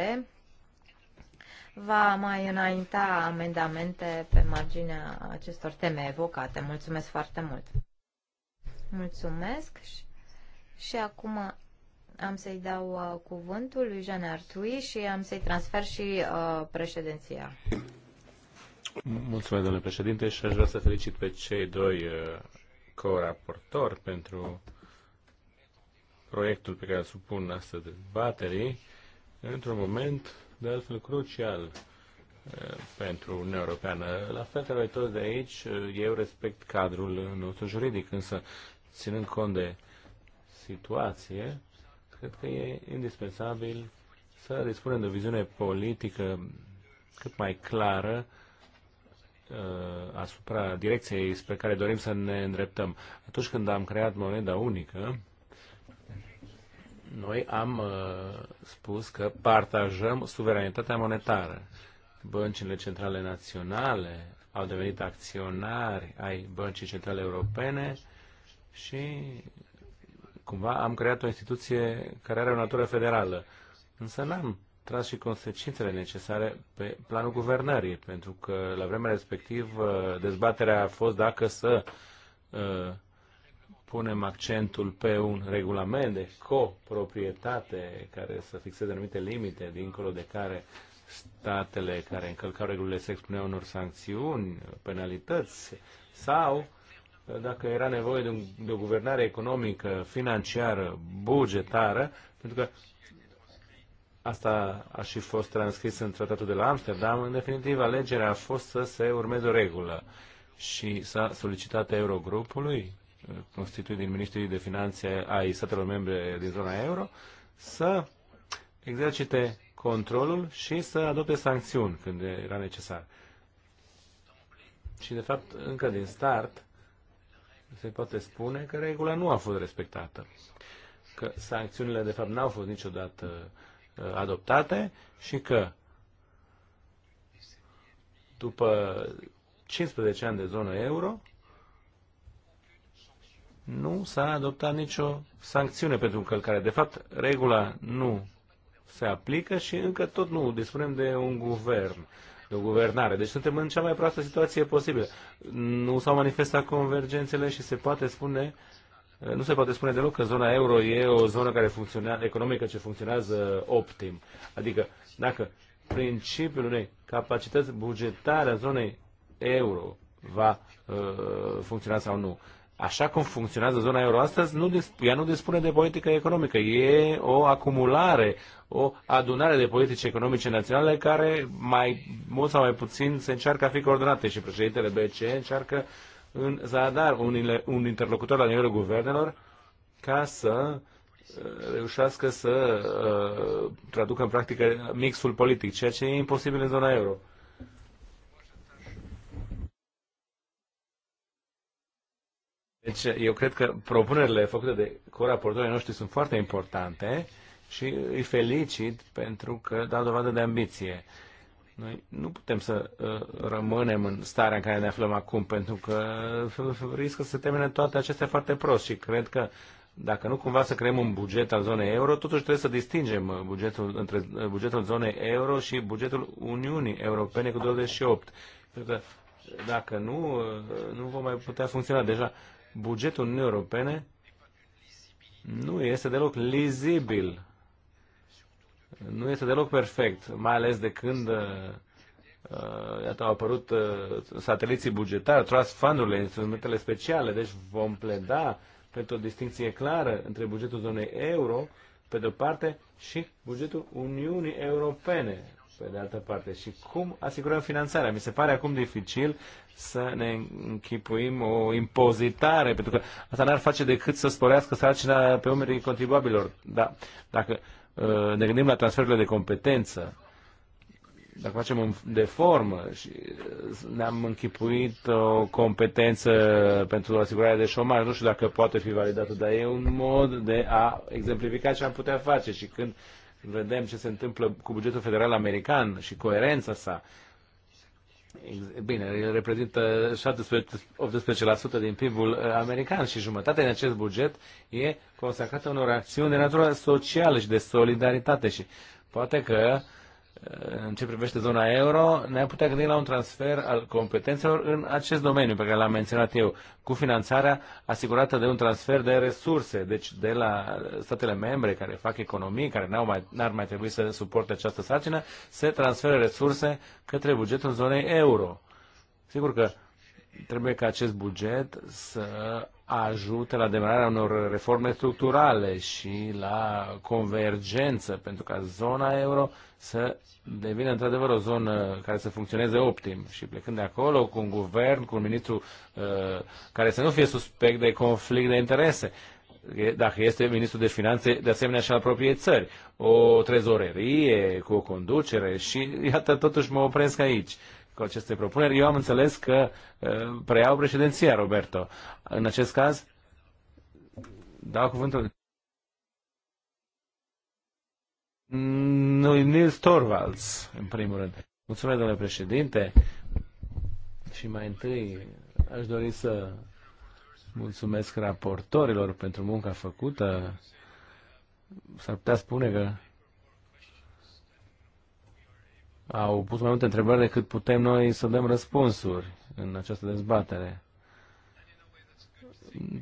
va mai înainta amendamente pe marginea acestor teme evocate. Mulțumesc foarte mult! Mulțumesc și, și acum am să-i dau uh, cuvântul lui Jean Artui și am să-i transfer și uh, președinția. Mulțumesc, domnule președinte, și aș vrea să felicit pe cei doi uh, co-raportori pentru proiectul pe care îl supun astăzi dezbaterii într-un moment de altfel crucial pentru Uniunea Europeană. La fel ca noi toți de aici, eu respect cadrul nostru juridic, însă ținând cont de situație, cred că e indispensabil să dispunem de o viziune politică cât mai clară asupra direcției spre care dorim să ne îndreptăm. Atunci când am creat moneda unică, noi am uh, spus că partajăm suveranitatea monetară. Băncile centrale naționale au devenit acționari ai băncii centrale europene și cumva am creat o instituție care are o natură federală. Însă n-am tras și consecințele necesare pe planul guvernării, pentru că la vremea respectivă dezbaterea a fost dacă să uh, punem accentul pe un regulament de coproprietate care să fixeze anumite limite dincolo de care statele care încălcau regulile se expuneau unor sancțiuni, penalități sau uh, dacă era nevoie de, un, de o guvernare economică, financiară, bugetară, pentru că asta a și fost transcris în tratatul de la Amsterdam, în definitiv alegerea a fost să se urmeze o regulă și s-a solicitat Eurogrupului constituit din ministrii de finanțe ai statelor membre din zona euro să exercite controlul și să adopte sancțiuni când era necesar. Și, de fapt, încă din start, se poate spune că regula nu a fost respectată. Că sancțiunile, de fapt, n-au fost niciodată uh, adoptate și că după 15 ani de zonă euro, nu s-a adoptat nicio sancțiune pentru încălcare. De fapt, regula nu se aplică și încă tot nu dispunem de un guvern, de o guvernare. Deci suntem în cea mai proastă situație posibilă. Nu s-au manifestat convergențele și se poate spune nu se poate spune deloc că zona euro e o zonă care funcționează, economică ce funcționează optim. Adică, dacă principiul unei capacități bugetare a zonei euro va uh, funcționa sau nu așa cum funcționează zona euro astăzi, nu, ea nu dispune de politică economică. E o acumulare, o adunare de politici economice naționale care mai mult sau mai puțin se încearcă a fi coordonate și președintele BCE încearcă în zadar un, un interlocutor la nivelul guvernelor ca să uh, reușească să uh, traducă în practică mixul politic, ceea ce e imposibil în zona euro. Deci eu cred că propunerile făcute de coraportorii noștri sunt foarte importante și îi felicit pentru că dau dovadă de ambiție. Noi nu putem să uh, rămânem în starea în care ne aflăm acum, pentru că riscă să termine toate acestea foarte prost și cred că dacă nu cumva să creăm un buget al zonei euro, totuși trebuie să distingem uh, bugetul, între uh, bugetul zonei euro și bugetul Uniunii Europene cu 28. Pentru că dacă nu, uh, nu vom mai putea funcționa. Deja bugetul Uniunii Europene nu este deloc lizibil, nu este deloc perfect, mai ales de când uh, iată, uh, au apărut uh, sateliții bugetari, trust fundurile, instrumentele speciale, deci vom pleda pentru o distinție clară între bugetul zonei euro, pe de-o parte, și bugetul Uniunii Europene, pe de altă parte. Și cum asigurăm finanțarea? Mi se pare acum dificil să ne închipuim o impozitare, pentru că asta n-ar face decât să sporească sarcina pe umerii contribuabilor. Da, dacă uh, ne gândim la transferurile de competență, dacă facem de formă și uh, ne-am închipuit o competență pentru asigurarea de șomaj, nu știu dacă poate fi validată, dar e un mod de a exemplifica ce am putea face și când vedem ce se întâmplă cu bugetul federal american și coerența sa. Bine, el reprezintă 17-18% din PIB-ul uh, american și jumătate din acest buget e consacrată unor acțiuni de natură socială și de solidaritate și poate că uh, în ce privește zona euro, ne-am putea gândi la un transfer al competențelor în acest domeniu pe care l-am menționat eu, cu finanțarea asigurată de un transfer de resurse, deci de la statele membre care fac economii, care n-au mai, n-ar mai trebui să suporte această sarcină, se transferă resurse către bugetul zonei euro. Sigur că trebuie ca acest buget să ajute la demararea unor reforme structurale și la convergență pentru ca zona euro să devină într-adevăr o zonă care să funcționeze optim. Și plecând de acolo cu un guvern, cu un ministru uh, care să nu fie suspect de conflict de interese, dacă este ministru de finanțe, de asemenea și al propriei țări, o trezorerie cu o conducere și iată, totuși mă opresc aici. Uh, cu aceste propuneri. Eu am înțeles că uh, preiau președinția, Roberto. În acest caz, dau cuvântul. Noi Nils Torvalds, în primul rând. Mulțumesc, domnule președinte. Și mai întâi aș dori să mulțumesc raportorilor pentru munca făcută. S-ar putea spune că au pus mai multe întrebări decât putem noi să dăm răspunsuri în această dezbatere.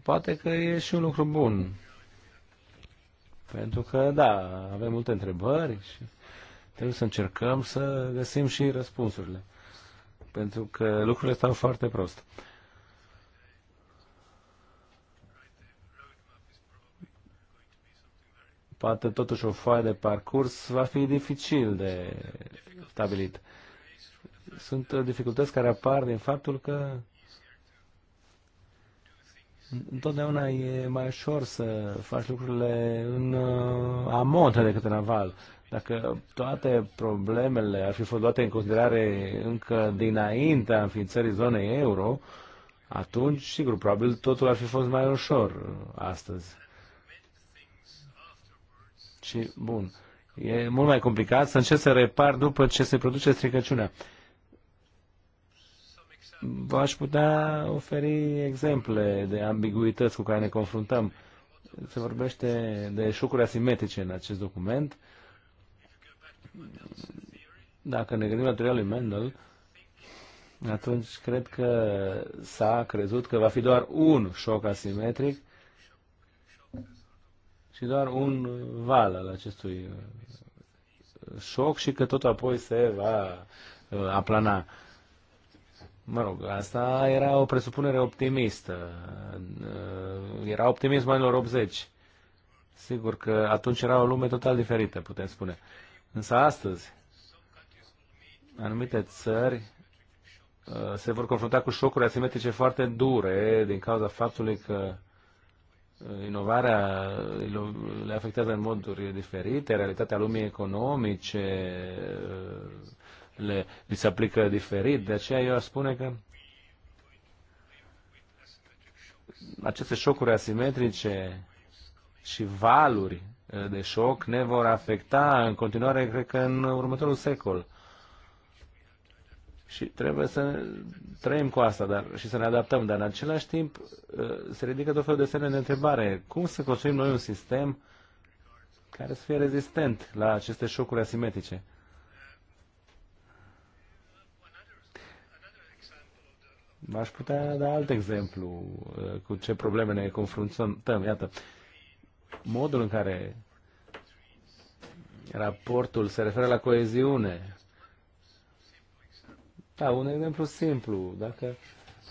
Poate că e și un lucru bun. Pentru că, da, avem multe întrebări și trebuie să încercăm să găsim și răspunsurile. Pentru că lucrurile stau foarte prost. poate totuși o foaie de parcurs va fi dificil de stabilit. Sunt uh, dificultăți care apar din faptul că întotdeauna e mai ușor să faci lucrurile în uh, amont decât în aval. Dacă toate problemele ar fi fost luate în considerare încă dinaintea înființării zonei euro, atunci, sigur, probabil totul ar fi fost mai ușor uh, astăzi. Și, bun, e mult mai complicat să încerc să repar după ce se produce stricăciunea. V-aș putea oferi exemple de ambiguități cu care ne confruntăm. Se vorbește de șucuri asimetrice în acest document. Dacă ne gândim la teoria lui Mendel, atunci cred că s-a crezut că va fi doar un șoc asimetric și doar un val al acestui șoc și că tot apoi se va uh, aplana. Mă rog, asta era o presupunere optimistă. Uh, era optimism anilor 80. Sigur că atunci era o lume total diferită, putem spune. Însă astăzi, anumite țări uh, se vor confrunta cu șocuri asimetrice foarte dure din cauza faptului că inovarea le afectează în moduri diferite, realitatea lumii economice le, li se aplică diferit, de aceea eu aș spune că aceste șocuri asimetrice și valuri de șoc ne vor afecta în continuare, cred că, în următorul secol. Și trebuie să trăim cu asta dar, și să ne adaptăm, dar în același timp uh, se ridică tot felul de semne de întrebare. Cum să construim noi un sistem care să fie rezistent la aceste șocuri asimetrice? V-aș putea da alt exemplu uh, cu ce probleme ne confruntăm. Iată, modul în care raportul se referă la coeziune, da, un exemplu simplu. Dacă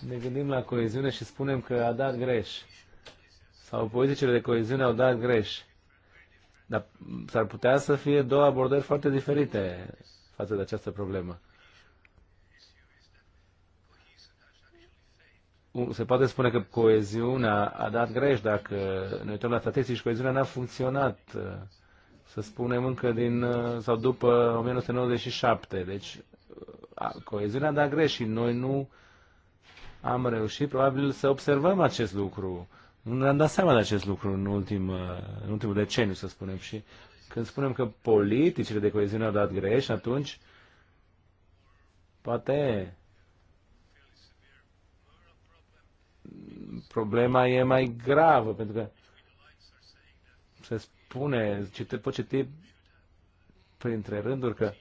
ne gândim la coeziune și spunem că a dat greș, sau politicile de coeziune au dat greș, dar s-ar putea să fie două abordări foarte diferite față de această problemă. Se poate spune că coeziunea a dat greș dacă ne uităm la statistici, coeziunea n-a funcționat, să spunem încă din, sau după 1997. Deci coeziunea, dar greș și noi nu am reușit probabil să observăm acest lucru. Nu ne-am dat seama de acest lucru în, ultim, uh, în ultimul deceniu, să spunem. Și când spunem că politicile de coeziune au dat greș, atunci poate problema e mai gravă, pentru că se spune, cite, pot citi printre rânduri că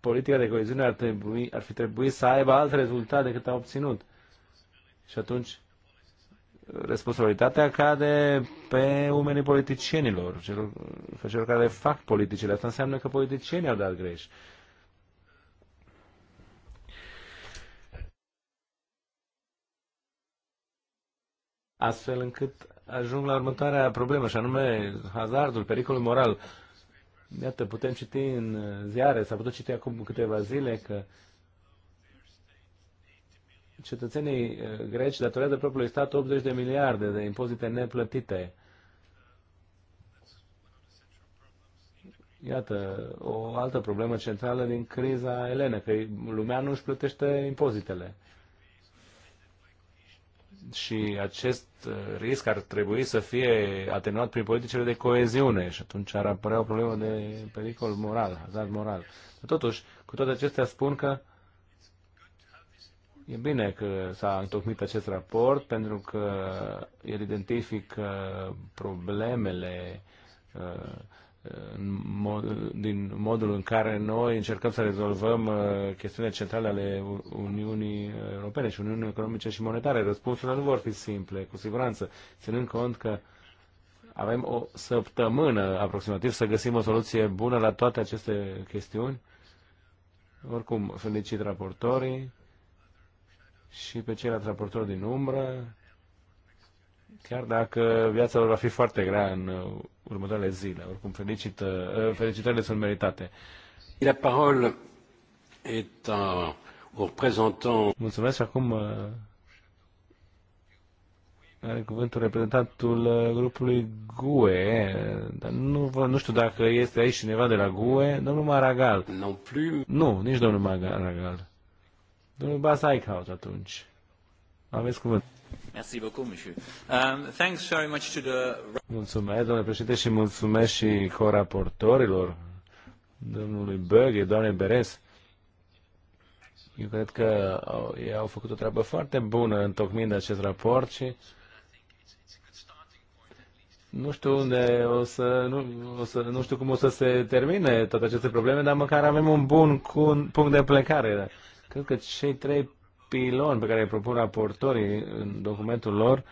politica de coeziune ar, trebui, ar fi trebuit să aibă alt rezultat decât a obținut. Și atunci responsabilitatea cade pe umenii politicienilor, celor, pe celor care fac politicile. Asta înseamnă că politicienii au dat greș. Astfel încât ajung la următoarea problemă, și anume hazardul, pericolul moral. Uh, Iată, putem citi în ziare, s-a putut citi acum câteva zile că cetățenii uh, greci datorează propriului stat 80 de miliarde de impozite neplătite. Iată, o altă problemă centrală din criza Elene, că lumea nu își plătește impozitele și acest uh, risc ar trebui să fie atenuat prin politicile de coeziune și atunci ar apărea o problemă de pericol moral, hazard moral. Totuși, cu toate acestea spun că E bine că s-a întocmit acest raport pentru că el identifică problemele uh, în mod, din modul în care noi încercăm să rezolvăm uh, chestiunile centrale ale Uniunii Europene și Uniunii Economice și Monetare. Răspunsurile nu vor fi simple, cu siguranță, ținând cont că avem o săptămână aproximativ să găsim o soluție bună la toate aceste chestiuni. Oricum, felicit raportorii și pe ceilalți raportori din umbră chiar dacă viața lor va fi foarte grea în uh, următoarele zile. Oricum, felicită, uh, felicitările sunt meritate. La parole est un représentant. Mulțumesc și acum uh, are cuvântul reprezentantul grupului GUE, dar nu, nu știu dacă este aici cineva de la GUE, domnul Maragal. Non plus. Nu, nici domnul Maragal. Domnul Bas atunci. Aveți cuvântul. Um, thanks very much to the... Mulțumesc, domnule președinte, și mulțumesc și coraportorilor, domnului Böge, doamne Beres. Eu cred că au, ei au făcut o treabă foarte bună tocmind acest raport și nu știu unde o să, nu, o să, nu știu cum o să se termine toate aceste probleme, dar măcar avem un bun punct de plecare. Cred că cei trei pilon pe care îi propun raportorii în documentul lor,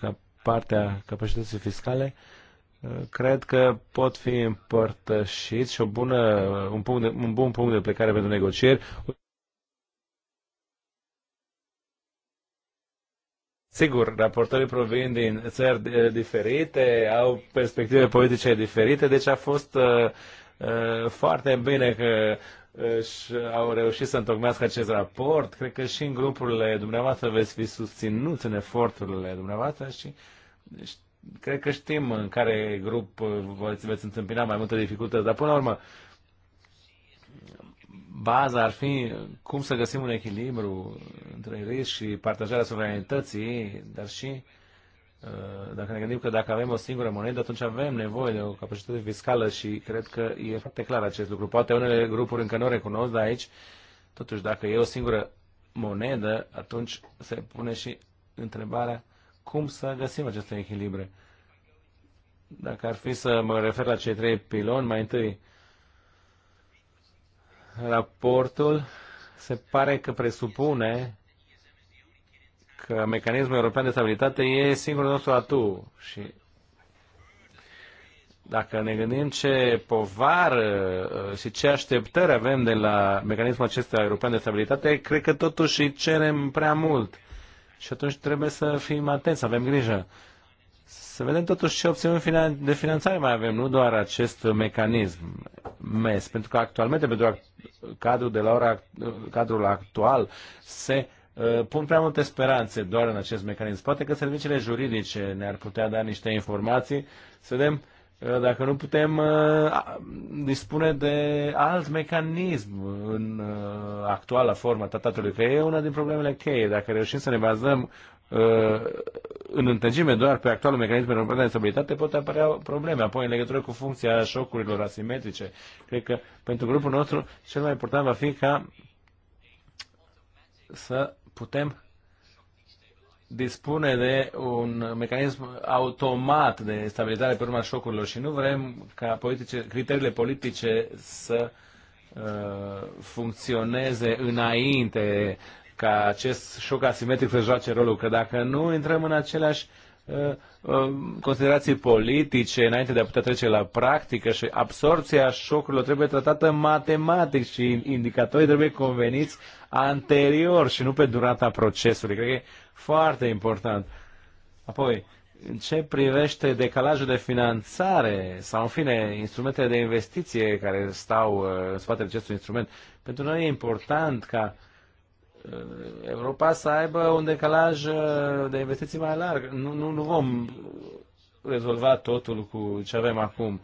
ca partea capacității fiscale, cred că pot fi împărtășiți și o bună, un, punct de, un bun punct de plecare pentru negocieri. Sigur, raportorii provin din țări diferite, au perspective politice diferite, deci a fost uh, uh foarte bine că și au reușit să întocmească acest raport. Cred că și în grupurile dumneavoastră veți fi susținuți în eforturile dumneavoastră și cred că știm în care grup veți, veți întâmpina mai multe dificultăți. Dar până la urmă, baza ar fi cum să găsim un echilibru între risc și partajarea suveranității, dar și uh, Uh, dacă ne gândim că dacă avem o singură monedă, atunci avem nevoie de o capacitate fiscală și cred că e foarte clar acest lucru. Poate unele grupuri încă nu recunosc, dar aici, totuși, dacă e o singură monedă, atunci se pune și întrebarea cum să găsim aceste echilibre. Dacă ar fi să mă refer la cei trei piloni, mai întâi, raportul se pare că presupune că mecanismul european de stabilitate e singurul nostru atu și dacă ne gândim ce povară uh, și ce așteptări avem de la mecanismul acesta european de stabilitate, cred că totuși cerem prea mult. Și atunci trebuie să fim atenți, să avem grijă. Să vedem totuși ce opțiuni de finanțare mai avem, nu doar acest mecanism MES, pentru că actualmente, pentru cadrul, de la ora, cadrul actual, se Uh, pun prea multe speranțe doar în acest mecanism. Poate că serviciile juridice ne-ar putea da niște informații, să vedem uh, dacă nu putem uh, dispune de alt mecanism în actuala formă tratatului, că e una din problemele cheie. Dacă reușim să ne bazăm în întregime doar pe actualul mecanism de european de stabilitate pot apărea probleme. Apoi, în legătură cu funcția șocurilor asimetrice, cred că pentru grupul nostru cel mai important va fi ca să putem dispune de un mecanism automat de stabilizare pe urma șocurilor și nu vrem ca politice, criteriile politice să uh, funcționeze înainte ca acest șoc asimetric să joace rolul, că dacă nu intrăm în aceleași uh, Uh, uh, considerații politice înainte de a putea trece la practică și absorpția șocurilor trebuie tratată matematic și indicatorii trebuie conveniți anterior și nu pe durata procesului. Cred că e foarte important. Apoi, în ce privește decalajul de finanțare sau, în fine, instrumentele de investiție care stau uh, în spatele acestui instrument, pentru noi e important ca uh, Europa să aibă un decalaj uh, de investiții mai larg. Nu, nu, nu vom rezolva totul cu ce avem acum.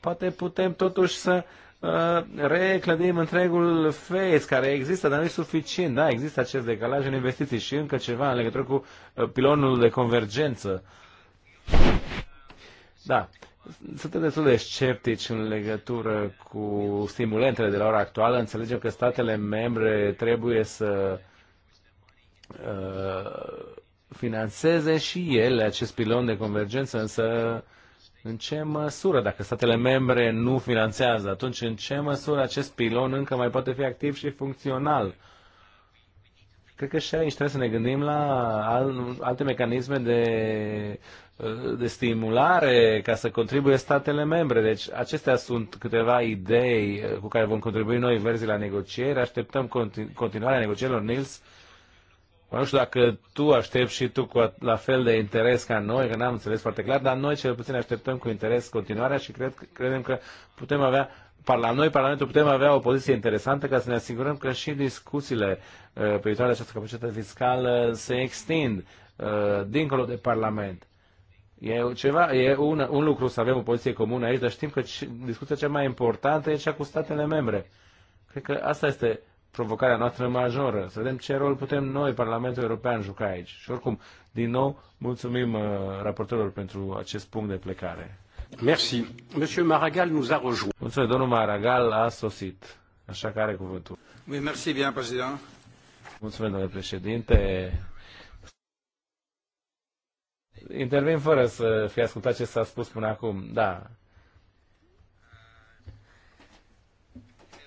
Poate putem totuși să uh, reclădim întregul face care există, dar nu e suficient. Da, există acest decalaj în investiții și încă ceva în legătură cu uh, pilonul de convergență. Da, suntem destul de sceptici în legătură cu stimulentele de la ora actuală. Înțelegem că statele membre trebuie să uh, financeze și ele acest pilon de convergență, însă în ce măsură, dacă statele membre nu finanțează, atunci în ce măsură acest pilon încă mai poate fi activ și funcțional? Uh, Cred că și aici trebuie să ne gândim la alte mecanisme de, de stimulare ca să contribuie statele membre. Deci acestea sunt câteva idei cu care vom contribui noi verzi la negocieri. Așteptăm continu continuarea negocierilor, Nils. Nu știu dacă tu aștepți și tu cu la fel de interes ca noi, că n-am înțeles foarte clar, dar noi cel puțin așteptăm cu interes continuarea și cred, credem că putem avea la noi, Parlamentul, putem avea o poziție interesantă ca să ne asigurăm că și discuțiile uh, pe la această capacitate fiscală se extind uh, dincolo de Parlament. E, ceva, e un, un lucru să avem o poziție comună aici, dar știm că discuția cea mai importantă e cea cu statele membre. Cred că asta este provocarea noastră majoră, să vedem ce rol putem noi, Parlamentul European, juca aici. Și oricum, din nou, mulțumim uh, raportorilor pentru acest punct de plecare. Merci. Monsieur Maragall nous a rejoint. Mulțumesc, domnul Maragall a sosit. Așa că are cuvântul. Oui, merci bien, président. Mulțumesc, domnule președinte. Intervin fără să fi ascultat ce s-a spus până acum. Da.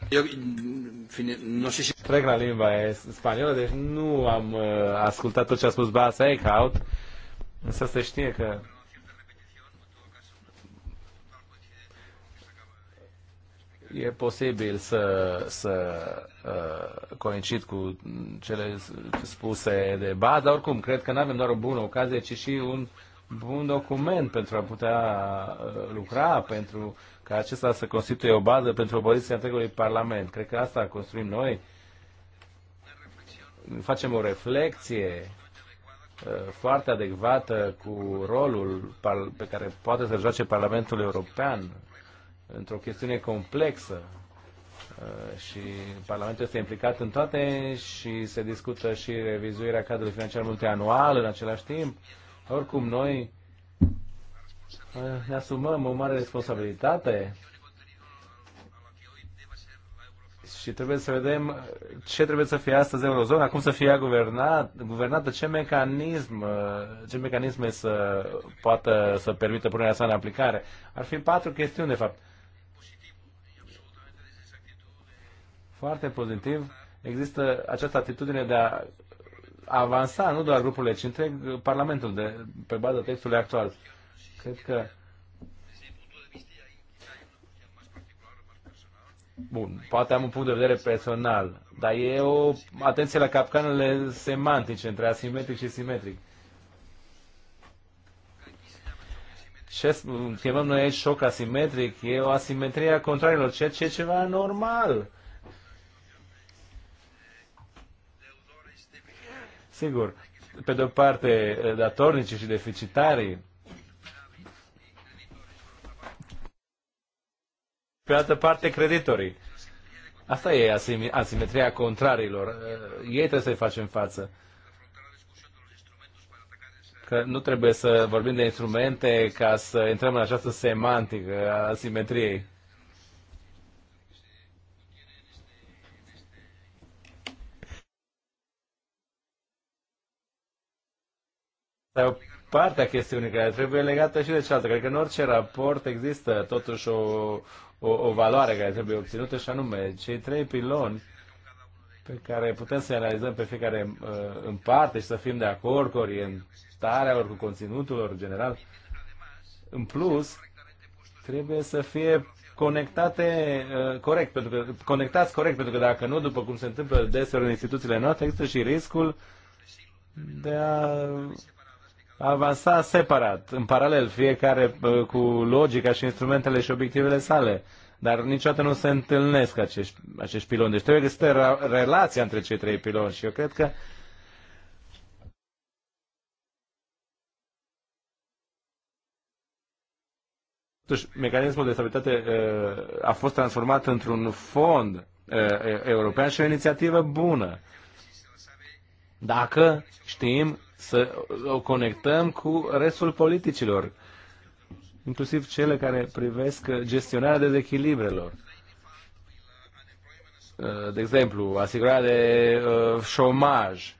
Eu, fine, nu știu ce... Trec la limba spaniolă, deci nu am uh, ascultat tot ce a spus Bas Eichhout, însă se știe că e posibil să, să uh, coincid cu cele spuse de ba, dar oricum, cred că nu avem doar o bună ocazie, ci și un bun document pentru a putea uh, lucra, pentru ca acesta să constituie o bază pentru opoziția întregului Parlament. Cred că asta construim noi. Facem o reflexie uh, foarte adecvată cu rolul pe care poate să joace Parlamentul European într-o chestiune complexă uh, și Parlamentul este implicat în toate și se discută și revizuirea cadrului financiar multianual în același timp. Oricum, noi uh, ne asumăm o mare responsabilitate și trebuie să vedem ce trebuie să fie astăzi eurozona, cum să fie guvernat, guvernată, ce mecanism, uh, ce mecanisme să poată să permită punerea sa în aplicare. Ar fi patru chestiuni, de fapt. foarte pozitiv există această atitudine de a avansa nu doar grupurile, ci întreg Parlamentul de, pe baza textului actual. Cred că Bun, poate am un punct de vedere personal, dar e o atenție la capcanele semantice între asimetric și simetric. Ce chemăm noi aici șoc asimetric e o asimetrie a contrarilor, ceea ce e ceva normal Sigur, pe de-o parte datornici și deficitarii, pe altă parte creditorii. Asta e asim asimetria contrarilor. Eh, ei trebuie să-i facem față. Că nu trebuie să vorbim de instrumente ca să intrăm în această semantică a asimetriei. Dar partea chestiunii care trebuie legată și de cealaltă. Cred că în orice raport există totuși o, o, o valoare care trebuie obținută și anume cei trei piloni pe care putem să analizăm pe fiecare uh, în parte și să fim de acord cu orientarea lor, cu conținutul lor general. În plus, trebuie să fie conectate uh, corect, pentru că, conectați corect, pentru că dacă nu, după cum se întâmplă deseori în instituțiile noastre, există și riscul de a avansa separat, în paralel, fiecare cu logica și instrumentele și obiectivele sale. Dar niciodată nu se întâlnesc acești, acești piloni. Deci trebuie să relația între cei trei piloni și eu cred că Totuși, mecanismul de stabilitate uh, a fost transformat într-un fond uh, european și o inițiativă bună dacă știm să o conectăm cu restul politicilor, inclusiv cele care privesc gestionarea dezechilibrelor. De exemplu, asigurarea de uh, șomaj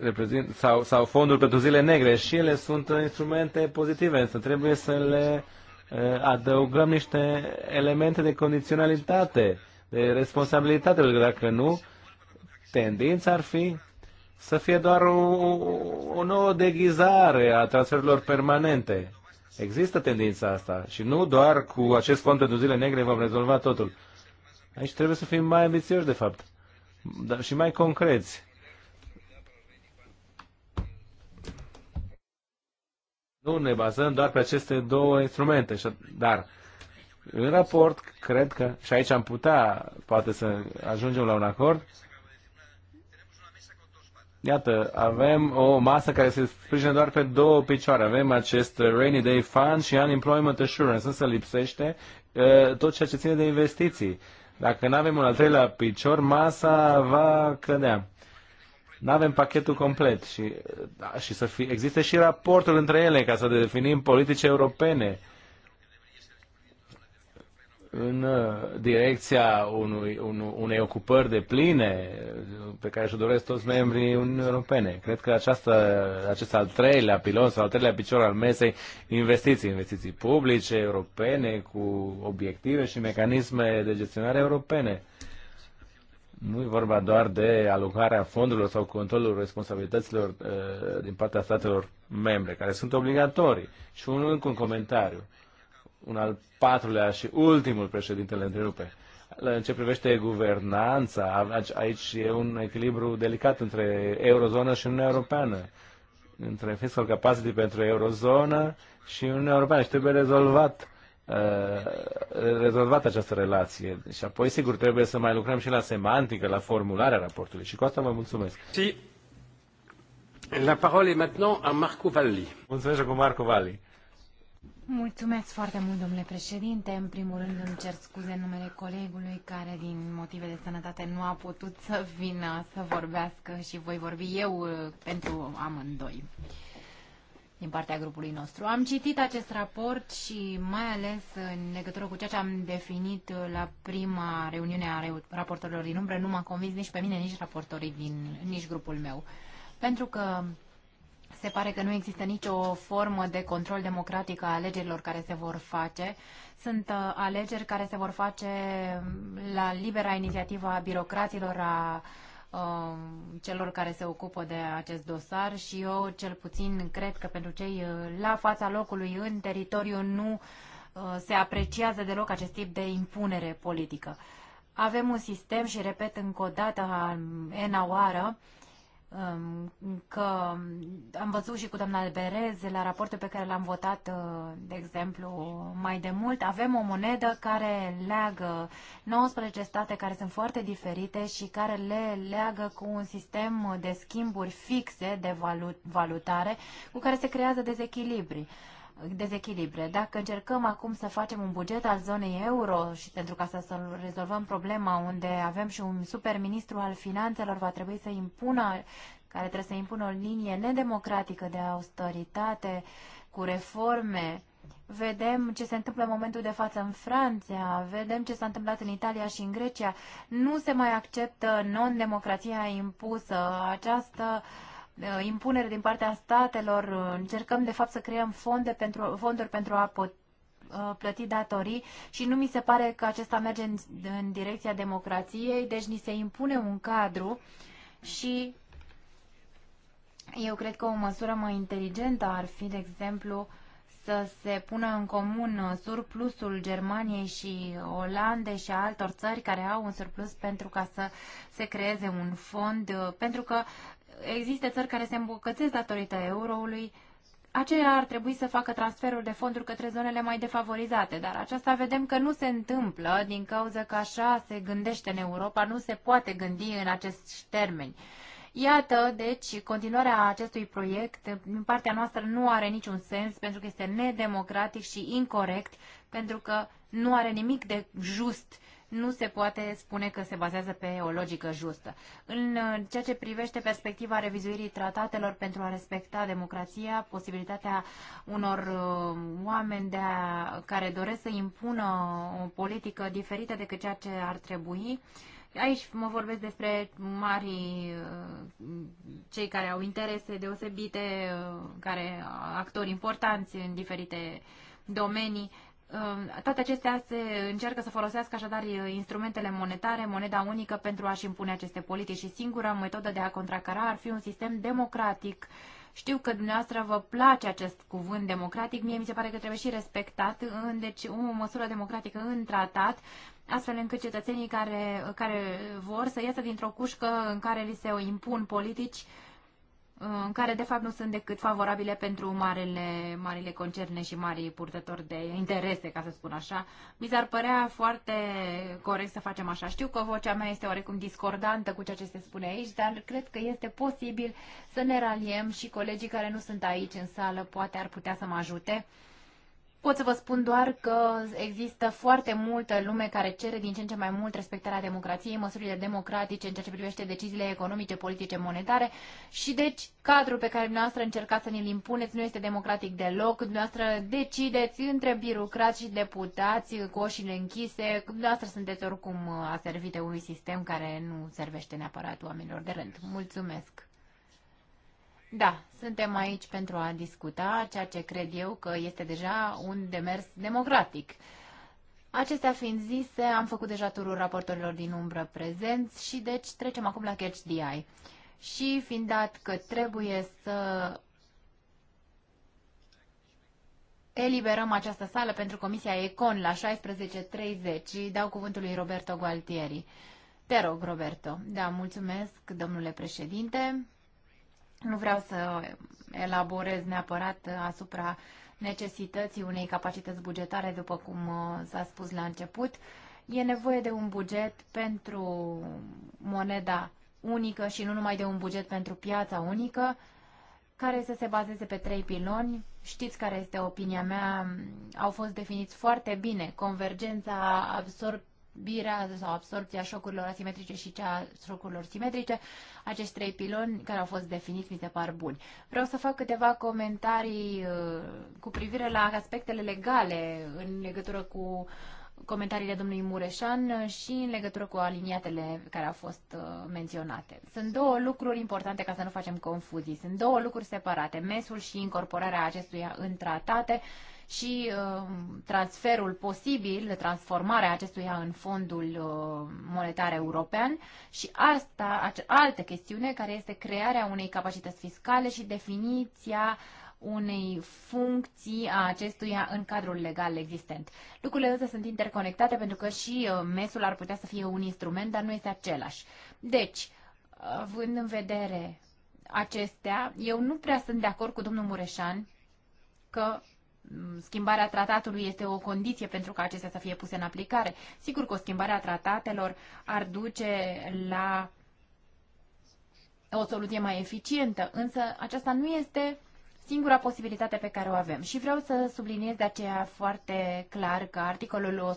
uh, sau, sau fondul pentru zile negre și ele sunt instrumente pozitive, însă trebuie să le uh, adăugăm niște elemente de condiționalitate, de responsabilitate, pentru că dacă nu, tendința ar fi să fie doar o, o, nouă deghizare a transferurilor permanente. Există tendința asta și nu doar cu acest fond pentru zile negre vom rezolva totul. Aici trebuie să fim mai ambițioși, de fapt, dar și mai concreți. Nu ne bazăm doar pe aceste două instrumente, dar în raport, cred că, și aici am putea, poate să ajungem la un acord, Iată, avem o masă care se sprijină doar pe două picioare. Avem acest Rainy Day Fund și Unemployment Assurance, însă lipsește uh, tot ceea ce ține de investiții. Dacă nu avem un al treilea picior, masa va cădea. Nu avem pachetul complet și, uh, da, și să fi, există și raportul între ele ca să definim politici europene. Uh, în uh, direcția unui, unei ocupări de pline uh, pe care și-o doresc toți membrii Uniunii Europene. Cred că această, acest al treilea pilon sau al treilea picior al mesei, investiții, investiții publice, europene, cu obiective și mecanisme de gestionare europene. Nu e vorba doar de alocarea fondurilor sau controlul responsabilităților uh, din partea statelor membre, care sunt obligatorii. Și unul încă un comentariu. Uh, un al patrulea și ultimul președinte le întrerupe. În ce privește guvernanța, aici e un echilibru delicat între eurozonă și Uniunea Europeană, între fiscal capacity pentru eurozonă și Uniunea Europeană și trebuie rezolvat uh, rezolvat această relație. Și apoi, sigur, trebuie să mai lucrăm și la semantică, la formularea raportului. Și cu asta vă mulțumesc. Si. La parole est maintenant à Marco Valli. Mulțumesc acum Marco Valli. Mulțumesc foarte mult, domnule președinte. În primul rând îmi cer scuze în numele colegului care din motive de sănătate nu a putut să vină să vorbească și voi vorbi eu uh, pentru amândoi din partea grupului nostru. Am citit acest raport și mai ales în legătură cu ceea ce am definit uh, la prima reuniune a raportorilor din umbră, nu m-a convins nici pe mine, nici raportorii din, nici grupul meu. Pentru că se pare că nu există nicio formă de control democratic a alegerilor care se vor face. Sunt uh, alegeri care se vor face mm, la libera inițiativă a birocraților, a uh, celor care se ocupă de acest dosar și eu cel puțin cred că pentru cei uh, la fața locului în teritoriu nu se apreciază deloc acest tip de impunere politică. Avem un sistem și repet încă o dată, ena oară, Um, că am văzut și cu doamna Berez la raportul pe care l-am votat, uh, de exemplu, mai de mult, avem o monedă care leagă 19 state care sunt foarte diferite și care le leagă cu un sistem de schimburi fixe de valutare cu care se creează dezechilibri dezechilibre. Dacă încercăm acum să facem un buget al zonei euro și pentru ca să, rezolvăm problema unde avem și un superministru al finanțelor va trebui să impună, care trebuie să impună o linie nedemocratică de austeritate cu reforme, Vedem ce se întâmplă în momentul de față în Franța, vedem ce s-a întâmplat în Italia și în Grecia. Nu se mai acceptă non-democrația impusă. Această uh, Uh, impunere din partea statelor, uh, încercăm de fapt să creăm fonde pentru, fonduri pentru a pot, uh, plăti datorii și nu mi se pare că acesta merge în, în direcția democrației, deci ni se impune un cadru și eu cred că o măsură mai inteligentă ar fi, de exemplu, să se pună în comun surplusul Germaniei și Olandei și a altor țări care au un surplus pentru ca să se creeze un fond, pentru că există țări care se îmbogățesc datorită euroului, aceia ar trebui să facă transferuri de fonduri către zonele mai defavorizate, dar aceasta vedem că nu se întâmplă din cauza că așa se gândește în Europa, nu se poate gândi în acești termeni. Iată, deci, continuarea acestui proiect din partea noastră nu are niciun sens pentru că este nedemocratic și incorrect, pentru că nu are nimic de just nu se poate spune că se bazează pe o logică justă. În uh, ceea ce privește perspectiva revizuirii tratatelor pentru a respecta democrația, posibilitatea unor uh, oameni de a, care doresc să impună o politică diferită decât ceea ce ar trebui, Aici mă vorbesc despre mari uh, cei care au interese deosebite, care actori importanți în diferite domenii Ehm, toate acestea se încearcă să folosească așadar instrumentele monetare, moneda unică, pentru a-și impune aceste politici și singura metodă de a contracara ar fi un sistem democratic. Știu că dumneavoastră vă place acest cuvânt democratic, mie mi se pare că trebuie și respectat, în, deci o măsură democratică în tratat, astfel încât cetățenii care, care vor să iasă dintr-o cușcă în care li se impun politici uh, Uh, care de fapt nu sunt decât favorabile pentru marele, marile concerne și marii purtători de interese, ca să spun așa. Mi s-ar părea foarte corect să facem așa. Știu că vocea mea este oarecum discordantă cu ceea ce se spune aici, dar cred că este posibil să ne raliem și colegii care nu sunt aici în sală poate ar putea să mă ajute Pot să vă spun doar că există foarte multă lume care cere din ce în ce mai mult respectarea democrației, măsurile democratice în ceea ce privește deciziile economice, politice, monetare și deci cadrul pe care dumneavoastră încercați să ne-l impuneți nu este democratic deloc, dumneavoastră decideți între birocrați și deputați coșile închise, dumneavoastră sunteți oricum aservite unui sistem care nu servește neapărat oamenilor de rând. Mulțumesc! Da, suntem aici pentru a discuta ceea ce cred eu că este deja un demers democratic. Acestea fiind zise, am făcut deja turul raportorilor din umbră prezenți și deci trecem acum la Catch DI. Și fiind dat că trebuie să eliberăm această sală pentru Comisia Econ la 16.30, dau cuvântul lui Roberto Gualtieri. Te rog, Roberto. Da, mulțumesc, domnule președinte. Nu vreau să elaborez neapărat asupra necesității unei capacități bugetare, după cum uh, s-a spus la început. E nevoie de un buget pentru moneda unică și nu numai de un buget pentru piața unică, care să se bazeze pe trei piloni. Știți care este opinia mea, au fost definiți foarte bine. Convergența absorb absorbirea sau absorpția șocurilor asimetrice și cea a șocurilor simetrice. Acești trei piloni care au fost definiți mi se par buni. Vreau să fac câteva comentarii uh, cu privire la aspectele legale în legătură cu comentariile domnului Mureșan și în legătură cu aliniatele care au fost uh, menționate. Sunt două lucruri importante ca să nu facem confuzii. Sunt două lucruri separate, mesul și incorporarea acestuia în tratate și uh, transferul posibil, transformarea acestuia în fondul uh, monetar european și asta, altă chestiune care este crearea unei capacități fiscale și definiția unei funcții a acestuia în cadrul legal existent. Lucrurile însă sunt interconectate pentru că și uh, mesul ar putea să fie un instrument, dar nu este același. Deci, având în vedere acestea, eu nu prea sunt de acord cu domnul Mureșan că schimbarea tratatului este o condiție pentru ca acestea să fie puse în aplicare. Sigur că o schimbare a tratatelor ar duce la o soluție mai eficientă, însă aceasta nu este singura posibilitate pe care o avem. Și vreau să subliniez de aceea foarte clar că articolul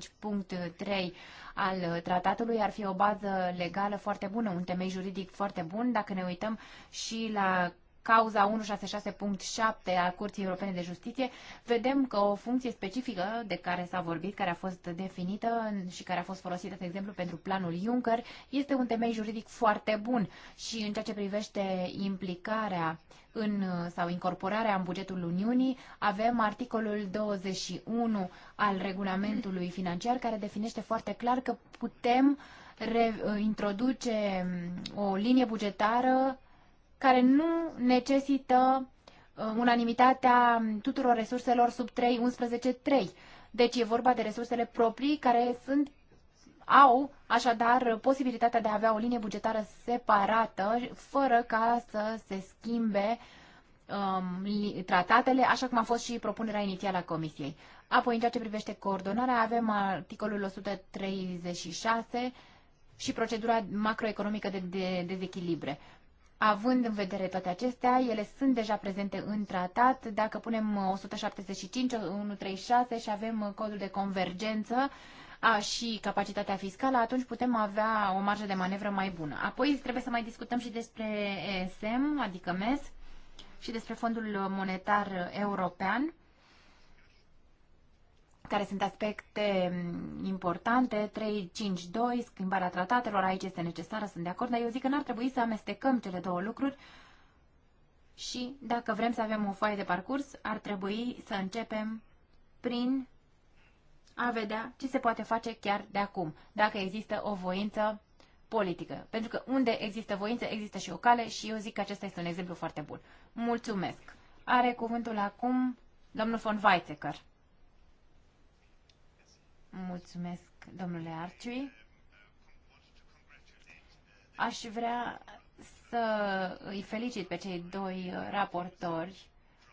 175.3 al tratatului ar fi o bază legală foarte bună, un temei juridic foarte bun, dacă ne uităm și la cauza 166.7 a Curții Europene de Justiție, vedem că o funcție specifică de care s-a vorbit, care a fost definită și care a fost folosită, de exemplu, pentru planul Juncker, este un temei juridic foarte bun și în ceea ce privește implicarea în, sau incorporarea în bugetul Uniunii, avem articolul 21 al regulamentului financiar care definește foarte clar că putem introduce o linie bugetară care nu necesită uh, unanimitatea tuturor resurselor sub 3, 11, 3. Deci e vorba de resursele proprii care sunt au așadar posibilitatea de a avea o linie bugetară separată, fără ca să se schimbe um, tratatele, așa cum a fost și propunerea inițială a Comisiei. Apoi, în ceea ce privește coordonarea, avem articolul 136 și procedura macroeconomică de, de dezechilibre. Având în vedere toate acestea, ele sunt deja prezente în tratat. Dacă punem 175, uh, 136 și avem uh, codul de convergență a, și capacitatea fiscală, atunci putem avea o marjă de manevră mai bună. Apoi trebuie să mai discutăm și despre ESM, adică MES, și despre Fondul Monetar European care sunt aspecte importante, 3, 5, 2, schimbarea tratatelor, aici este necesară, sunt de acord, dar eu zic că n-ar trebui să amestecăm cele două lucruri și dacă vrem să avem o foaie de parcurs, ar trebui să începem prin a vedea ce se poate face chiar de acum, dacă există o voință politică. Pentru că unde există voință, există și o cale și eu zic că acesta este un exemplu foarte bun. Mulțumesc! Are cuvântul acum domnul von Weizsäcker. Mulțumesc, domnule Arciui. Aș vrea să îi felicit pe cei doi uh, raportori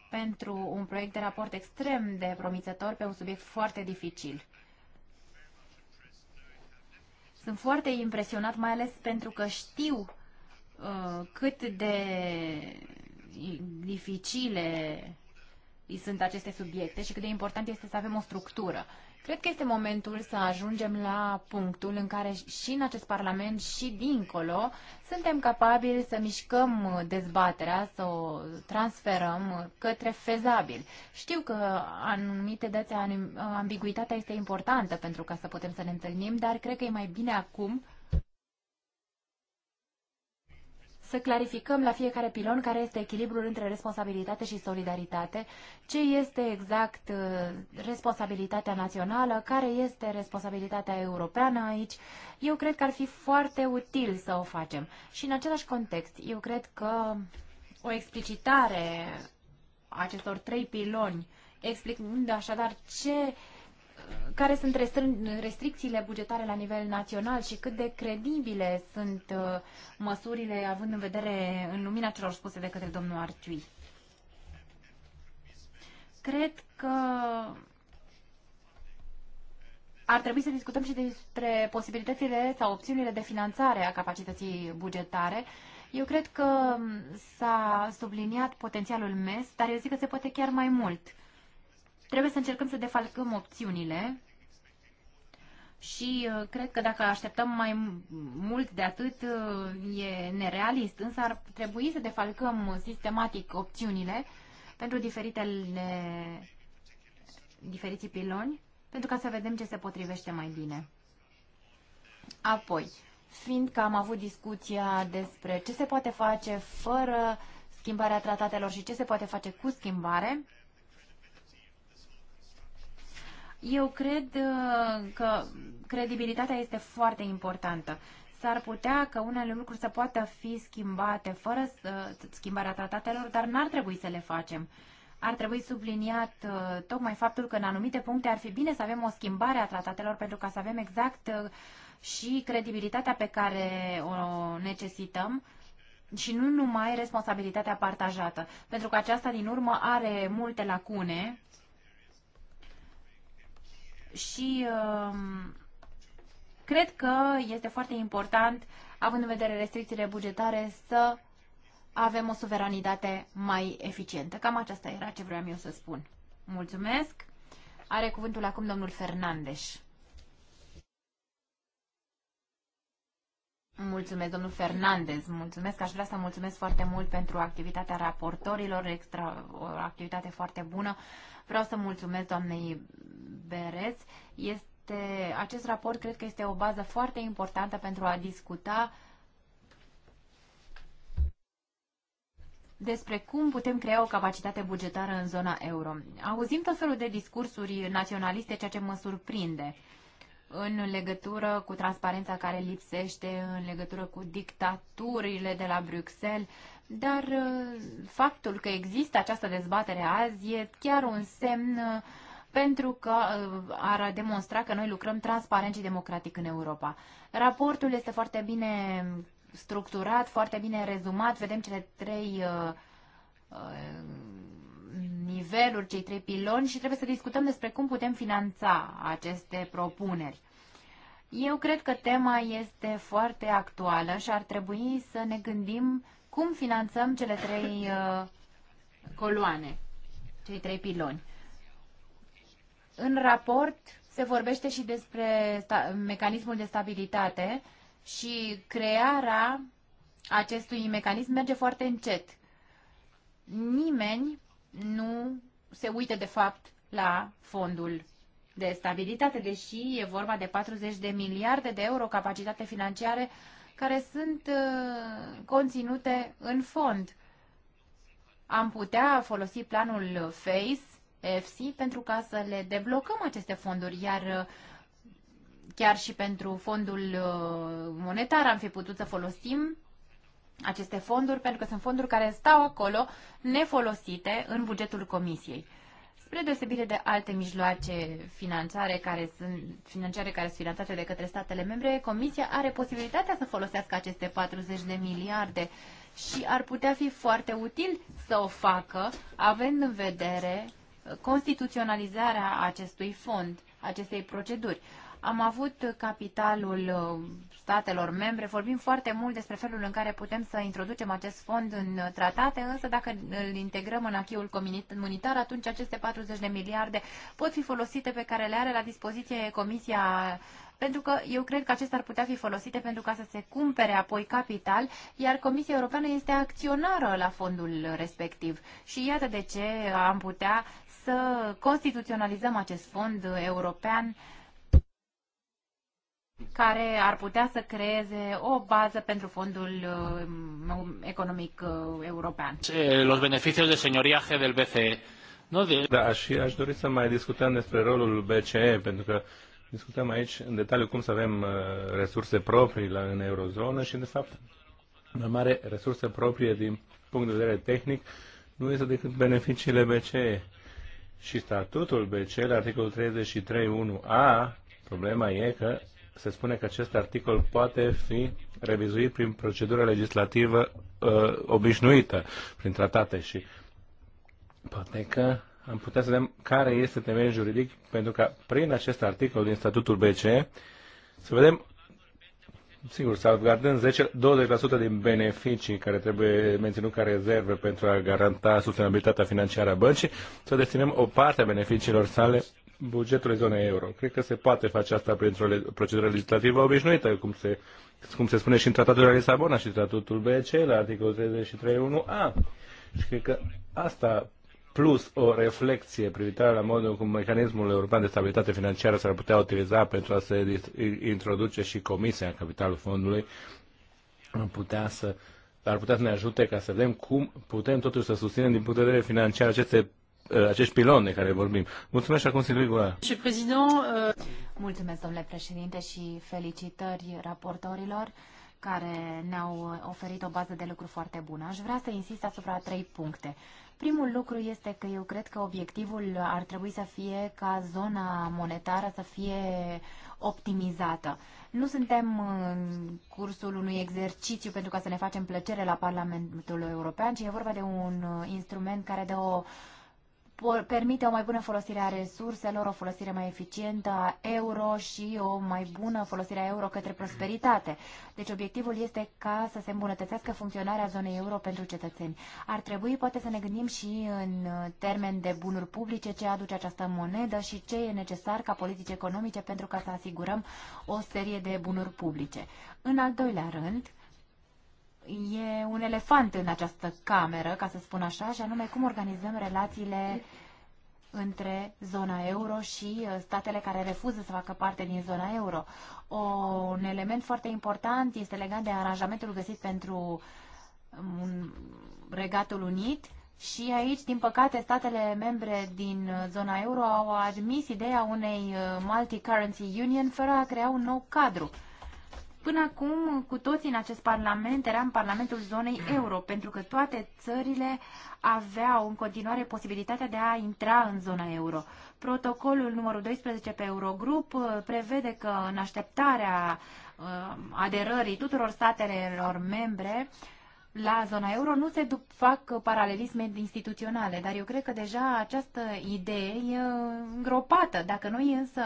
pentru un proiect de raport extrem de promițător pe un subiect foarte dificil. Sunt foarte impresionat, mai ales pentru că știu uh, cât de dificile sunt aceste subiecte și cât de important este să avem o structură. Cred că este momentul să ajungem la punctul în care și în acest Parlament și dincolo suntem capabili să mișcăm dezbaterea, să o transferăm către fezabil. Știu că anumite date ambiguitatea este importantă pentru ca să putem să ne întâlnim, dar cred că e mai bine acum să clarificăm la fiecare pilon care este echilibrul între responsabilitate și solidaritate, ce este exact uh, responsabilitatea națională, care este responsabilitatea europeană aici. Eu cred că ar fi foarte util să o facem. Și în același context, eu cred că o explicitare a acestor trei piloni explicând așadar ce care sunt restricțiile bugetare la nivel național și cât de credibile sunt uh, măsurile, având în vedere în lumina celor spuse de către domnul Arciui? Cred că ar trebui să discutăm și despre posibilitățile sau opțiunile de finanțare a capacității bugetare. Eu cred că s-a subliniat potențialul MES, dar eu zic că se poate chiar mai mult. Uh, Trebuie să încercăm să defalcăm opțiunile și uh, cred că dacă așteptăm mai mult de atât uh, e nerealist, însă ar trebui să defalcăm sistematic opțiunile pentru diferitele diferiții piloni, pentru ca să vedem ce se potrivește mai bine. Apoi, fiindcă am avut discuția despre ce se poate face fără schimbarea tratatelor și ce se poate face cu schimbare, eu cred uh, că credibilitatea este foarte importantă. S-ar putea că unele lucruri să poată fi schimbate fără uh, schimbarea tratatelor, dar n-ar trebui să le facem ar trebui subliniat uh, tocmai faptul că în anumite puncte ar fi bine să avem o schimbare a tratatelor pentru ca să avem exact și credibilitatea pe care o necesităm și nu numai responsabilitatea partajată, pentru că aceasta din urmă are multe lacune și um, cred că este foarte important, având în vedere restricțiile bugetare, să avem o suveranitate mai eficientă. Cam aceasta era ce vreau eu să spun. Mulțumesc. Are cuvântul acum domnul Fernandes. Mulțumesc, domnul Fernandez. Mulțumesc. Aș vrea să mulțumesc foarte mult pentru activitatea raportorilor, extra, o activitate foarte bună. Vreau să mulțumesc doamnei Berez. Este, acest raport cred că este o bază foarte importantă pentru a discuta despre cum putem crea o capacitate bugetară în zona euro. Auzim tot felul de discursuri naționaliste, ceea ce mă surprinde în legătură cu transparența care lipsește, în legătură cu dictaturile de la Bruxelles, dar uh, faptul că există această dezbatere azi e chiar un semn uh, pentru că uh, ar demonstra că noi lucrăm transparent și democratic în Europa. Raportul este foarte bine structurat, foarte bine rezumat, vedem cele trei niveluri, cei trei piloni și trebuie să discutăm despre cum putem finanța aceste propuneri. Eu cred că tema este foarte actuală și ar trebui să ne gândim cum finanțăm cele trei uh, coloane, cei trei piloni. În raport se vorbește și despre mecanismul de stabilitate și crearea acestui mecanism merge foarte încet. Nimeni nu se uită de fapt la fondul de stabilitate, deși e vorba de 40 de miliarde de euro capacitate financiare care sunt uh, conținute în fond. Am putea folosi planul FACE, FC pentru ca să le deblocăm aceste fonduri, iar uh, chiar și pentru fondul uh, monetar am fi putut să folosim aceste fonduri, pentru că sunt fonduri care stau acolo nefolosite în bugetul comisiei. Spre deosebire de alte mijloace financiare care sunt, financiare care sunt finanțate de către statele membre, Comisia are posibilitatea să folosească aceste 40 de miliarde și ar putea fi foarte util să o facă, având în vedere constituționalizarea acestui fond, acestei proceduri. Am avut capitalul uh, statelor membre, vorbim foarte mult despre felul în care putem să introducem acest fond în uh, tratate, însă dacă îl integrăm în achiul comunitar, atunci aceste 40 de miliarde pot fi folosite pe care le are la dispoziție Comisia pentru că eu cred că acestea ar putea fi folosite pentru ca să se cumpere apoi capital, iar Comisia Europeană este acționară la fondul respectiv. Și iată de ce am putea să constituționalizăm acest fond european uh, care ar putea să creeze o bază pentru fondul uh, economic uh, european. Eh, los beneficios de señoriaje del BCE. No de... Da, și aș dori să mai discutăm despre rolul BCE, pentru că discutăm aici în detaliu cum să avem uh, resurse proprii la, în eurozonă și, de fapt, mai mare resurse proprie din punct de vedere tehnic nu este decât beneficiile BCE. Și statutul BCE, articolul 33.1a, problema e că se spune că acest articol poate fi revizuit prin procedură legislativă uh, obișnuită, prin tratate și poate că am putea să vedem care este temeiul juridic pentru că prin acest articol din statutul BCE să vedem Sigur, salvgardând 10, 20% din beneficii care trebuie menținut ca rezerve pentru a garanta sustenabilitatea financiară a băncii, să destinăm o parte a beneficiilor sale bugetului zonei euro. Cred că se poate face asta printr-o procedură legislativă obișnuită, cum se, cum se spune și în tratatul de Lisabona și tratatul BC, la articolul 33.1a. Și cred că asta plus o reflexie privitoare la modul cum mecanismul european de stabilitate financiară s-ar putea utiliza pentru a se introduce și comisia în capitalul fondului, ar putea să, ar putea să ne ajute ca să vedem cum putem totuși să susținem din punct de vedere financiar aceste Uh, acești piloni de care vorbim. Mulțumesc și acum Silvi Goa. Uh, Mulțumesc, domnule președinte, și felicitări raportorilor care ne-au oferit o bază de lucru foarte bună. Aș vrea să insist asupra trei puncte. Primul lucru este că eu cred că obiectivul ar trebui să fie ca zona monetară să fie optimizată. Nu suntem în cursul unui exercițiu pentru ca să ne facem plăcere la Parlamentul European, ci e vorba de un instrument care dă o permite o mai bună folosire a resurselor, o folosire mai eficientă a euro și o mai bună folosire a euro către prosperitate. Deci obiectivul este ca să se îmbunătățească funcționarea zonei euro pentru cetățeni. Ar trebui poate să ne gândim și în termen de bunuri publice ce aduce această monedă și ce e necesar ca politici economice pentru ca să asigurăm o serie de bunuri publice. În al doilea rând, e un elefant în această cameră, ca să spun așa, și anume cum organizăm relațiile între zona euro și uh, statele care refuză să facă parte din zona euro. O, un element foarte important este legat de aranjamentul găsit pentru um, un, Regatul Unit și aici, din păcate, statele membre din uh, zona euro au admis ideea unei uh, multi-currency union fără a crea un nou cadru. Până acum, cu toții în acest parlament, eram Parlamentul Zonei Euro, pentru că toate țările aveau în continuare posibilitatea de a intra în zona euro. Protocolul numărul 12 pe Eurogrup uh, prevede că în așteptarea uh, aderării tuturor statelor membre, la zona euro nu se fac paralelisme instituționale, dar eu cred că deja această idee e îngropată. Dacă noi însă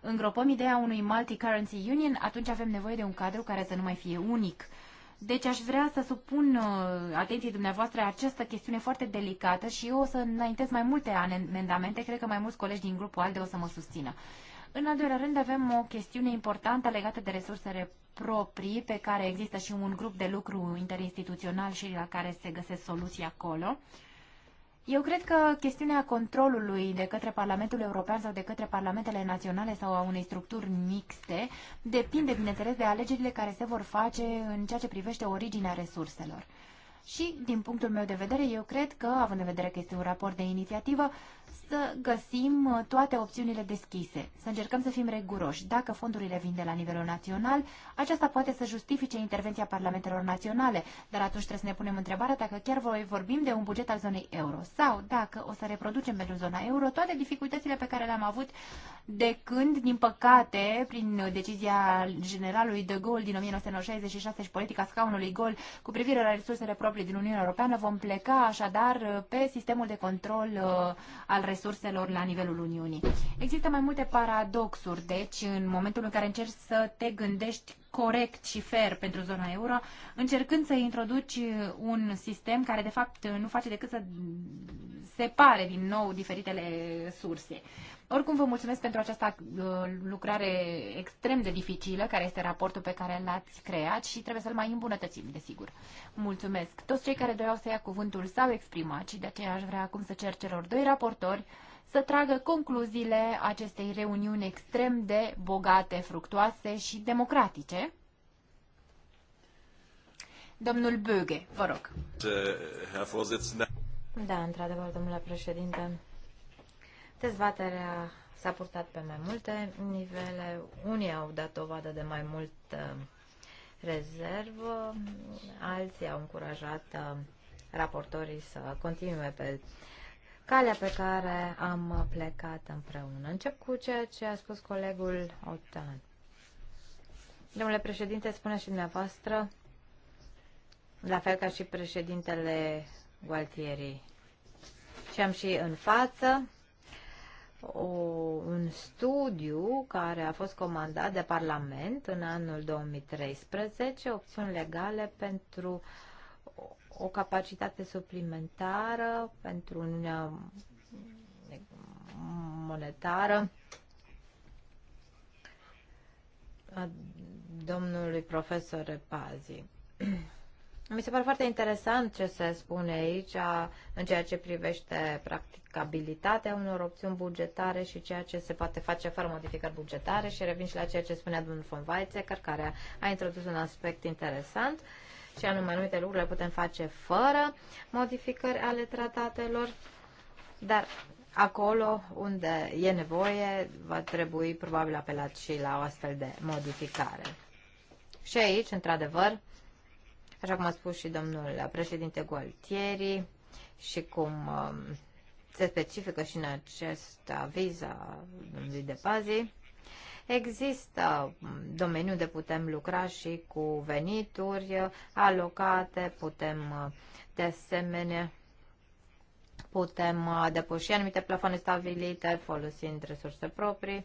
îngropăm ideea unui multi-currency union, atunci avem nevoie de un cadru care să nu mai fie unic. Deci aș vrea să supun uh, atenției dumneavoastră această chestiune foarte delicată și eu o să înaintez mai multe amendamente, cred că mai mulți colegi din grupul ALDE o să mă susțină. În al doilea rând avem o chestiune importantă legată de resursele proprii, pe care există și un grup de lucru interinstituțional și la care se găsesc soluții acolo. Uh, eu cred că chestiunea controlului de către Parlamentul European sau de către Parlamentele Naționale sau a unei structuri mixte depinde, bineînțeles, de alegerile care se vor face în ceea ce privește originea resurselor. Și, din punctul meu de vedere, eu cred că, având în vedere că este un raport de inițiativă, să găsim uh, toate opțiunile deschise, să încercăm să fim reguroși. Dacă fondurile vin de la nivelul național, aceasta poate să justifice intervenția parlamentelor naționale, dar atunci trebuie să ne punem întrebarea dacă chiar voi vorbim de un buget al zonei euro sau dacă o să reproducem pentru zona euro toate dificultățile pe care le-am avut de când, din păcate, prin decizia generalului de Gaulle din 1966 și politica scaunului gol cu privire la resursele proprii din Uniunea Europeană, vom pleca așadar pe sistemul de control uh, al resurselor resurselor la nivelul Uniunii. Există mai multe paradoxuri, deci, în momentul în care încerci să te gândești corect și fair pentru zona euro, încercând să introduci un sistem care, de fapt, nu face decât să separe din nou diferitele surse. Oricum, vă mulțumesc pentru această uh, lucrare extrem de dificilă, care este raportul pe care l-ați creat și trebuie să-l mai îmbunătățim, desigur. Mulțumesc. Toți cei care doreau să ia cuvântul s-au exprimat și de aceea aș vrea acum să cer celor doi raportori să tragă concluziile acestei reuniuni extrem de bogate, fructoase și democratice. Domnul Böge, vă rog. Da, într-adevăr, domnule președinte. Dezbaterea s-a purtat pe mai multe nivele. Unii au dat dovadă de mai mult uh, rezervă, alții au încurajat uh, raportorii să continue pe calea pe care am plecat împreună. Încep cu ceea ce a spus colegul Otan. Domnule președinte, spune și dumneavoastră, la fel ca și președintele Gualtierii. Și am și în față o, un studiu care a fost comandat de Parlament în anul 2013, opțiuni legale pentru o capacitate suplimentară pentru Uniunea Monetară a domnului profesor Repazi. Mi se pare foarte interesant ce se spune aici în ceea ce privește practicabilitatea unor opțiuni bugetare și ceea ce se poate face fără modificări bugetare și revin și la ceea ce spunea domnul von Weizsäcker, care a introdus un aspect interesant și anume anumite lucruri le putem face fără modificări ale tratatelor, dar acolo unde e nevoie va trebui probabil apelat și la o astfel de modificare. Și aici, într-adevăr, așa cum a spus și domnul președinte Gualtieri și cum um, se specifică și în acest aviz a domnului de pazi, Există um, domeniul de putem lucra și cu venituri alocate, putem uh, de asemenea putem uh, depăși anumite plafoane stabilite folosind resurse proprii.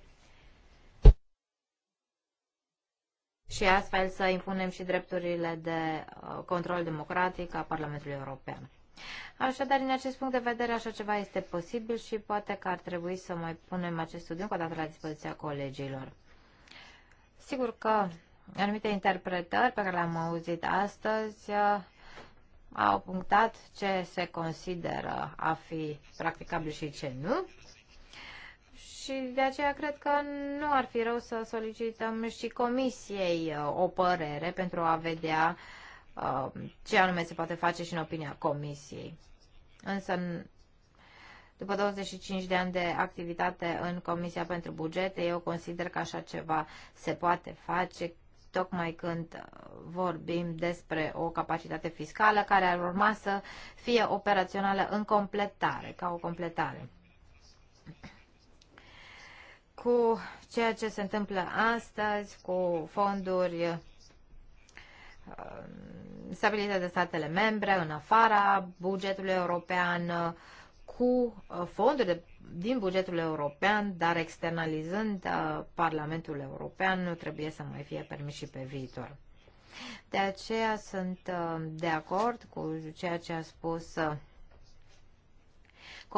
și astfel să impunem și drepturile de uh, control democratic a Parlamentului European. Așadar, din acest punct de vedere, așa ceva este posibil și poate că ar trebui să mai punem acest studiu încă o dată la dispoziția colegilor. Sigur că anumite interpretări pe care le-am auzit astăzi uh, au punctat ce se consideră a fi practicabil și ce nu și de aceea cred că nu ar fi rău să solicităm și comisiei uh, o părere pentru a vedea uh, ce anume se poate face și în opinia comisiei. Însă, după 25 de ani de activitate în Comisia pentru Bugete, eu consider că așa ceva se poate face tocmai când uh, vorbim despre o capacitate fiscală care ar urma să fie operațională în completare, ca o completare cu ceea ce se întâmplă astăzi, cu fonduri uh, stabilite de statele membre, în afara bugetului european, uh, cu uh, fonduri din bugetul european, dar externalizând Parlamentul European, nu trebuie să mai fie permis și pe viitor. De aceea sunt de acord cu ceea ce a spus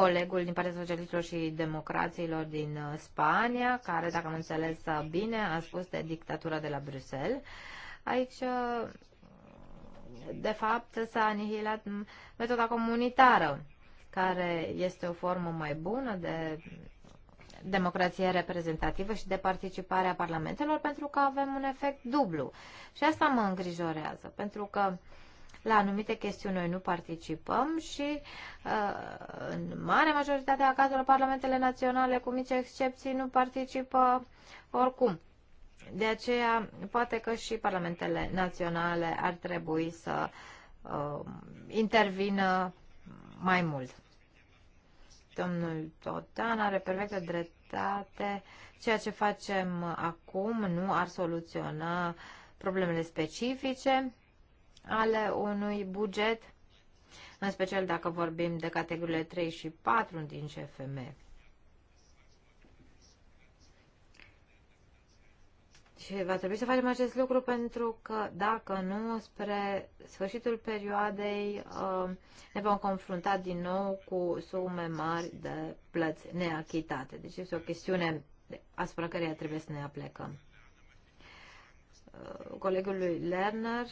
colegul din Partea socialistilor și Democrațiilor din uh, Spania, care, dacă am înțeles uh, bine, a spus de dictatura de la Bruxelles. Aici, uh, de fapt, s-a anihilat metoda comunitară, care este o formă mai bună de democrație reprezentativă și de participare a parlamentelor, pentru că avem un efect dublu. Și asta mă îngrijorează, pentru că uh, la anumite chestiuni noi nu participăm și uh, în mare majoritatea cazurilor parlamentele naționale, cu mici excepții, nu participă oricum. De aceea, poate că și parlamentele naționale ar trebui să uh, intervină mai mult. Domnul Totan are perfectă dreptate. Ceea ce facem acum nu ar soluționa problemele specifice ale unui buget, în special dacă vorbim de categoriile 3 și 4 din CFM. Și va trebui să facem acest lucru pentru că dacă nu, spre sfârșitul perioadei uh, ne vom confrunta din nou cu sume mari de plăți neachitate. Deci este o chestiune asupra căreia trebuie să ne aplecăm. Uh, colegului Lerner,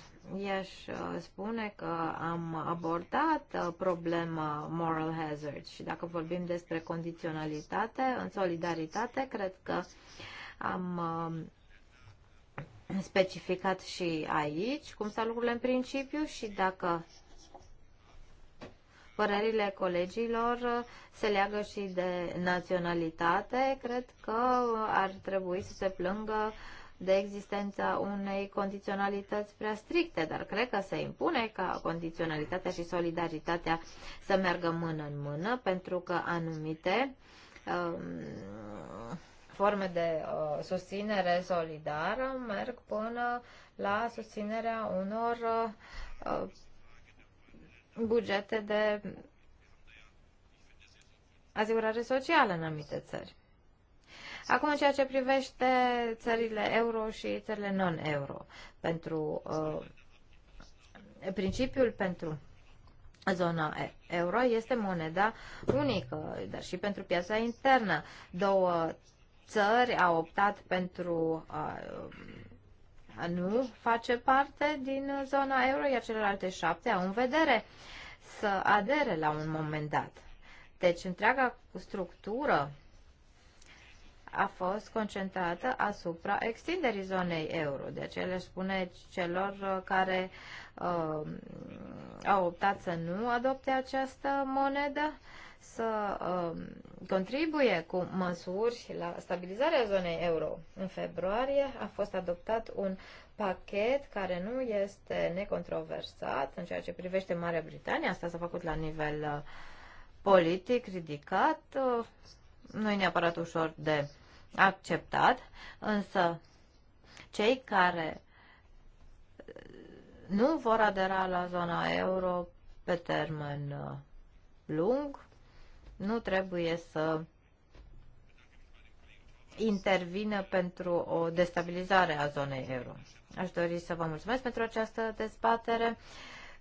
i-aș uh, spune că am abordat uh, problema moral hazard și dacă vorbim despre condiționalitate, în solidaritate, cred că am specificat și aici cum stau lucrurile în principiu și dacă părerile colegilor se leagă și de naționalitate, cred că ar trebui să se plângă uh, de existența unei condiționalități prea stricte, dar cred că se impune ca condiționalitatea și solidaritatea să meargă mână în mână, pentru că anumite um, forme de uh, susținere solidară merg până la susținerea unor uh, bugete de asigurare socială în anumite țări. Acum, în ceea ce privește țările euro și țările non-euro, pentru uh, principiul pentru zona euro este moneda unică, dar și pentru piața internă. Două țări au optat pentru uh, a nu face parte din zona euro, iar celelalte șapte au în vedere să adere la un moment dat. Deci întreaga structură a fost concentrată asupra extinderii zonei euro. Deci el spune celor uh, care uh, au optat să nu adopte această monedă să uh, contribuie cu măsuri la stabilizarea zonei euro. În februarie a fost adoptat un pachet care nu este necontroversat în ceea ce privește Marea Britanie. Asta s-a făcut la nivel uh, politic ridicat. Uh, nu e neapărat ușor de acceptat, însă cei care nu vor adera la zona euro pe termen uh, lung nu trebuie să intervină pentru o destabilizare a zonei euro. Aș dori să vă mulțumesc pentru această dezbatere.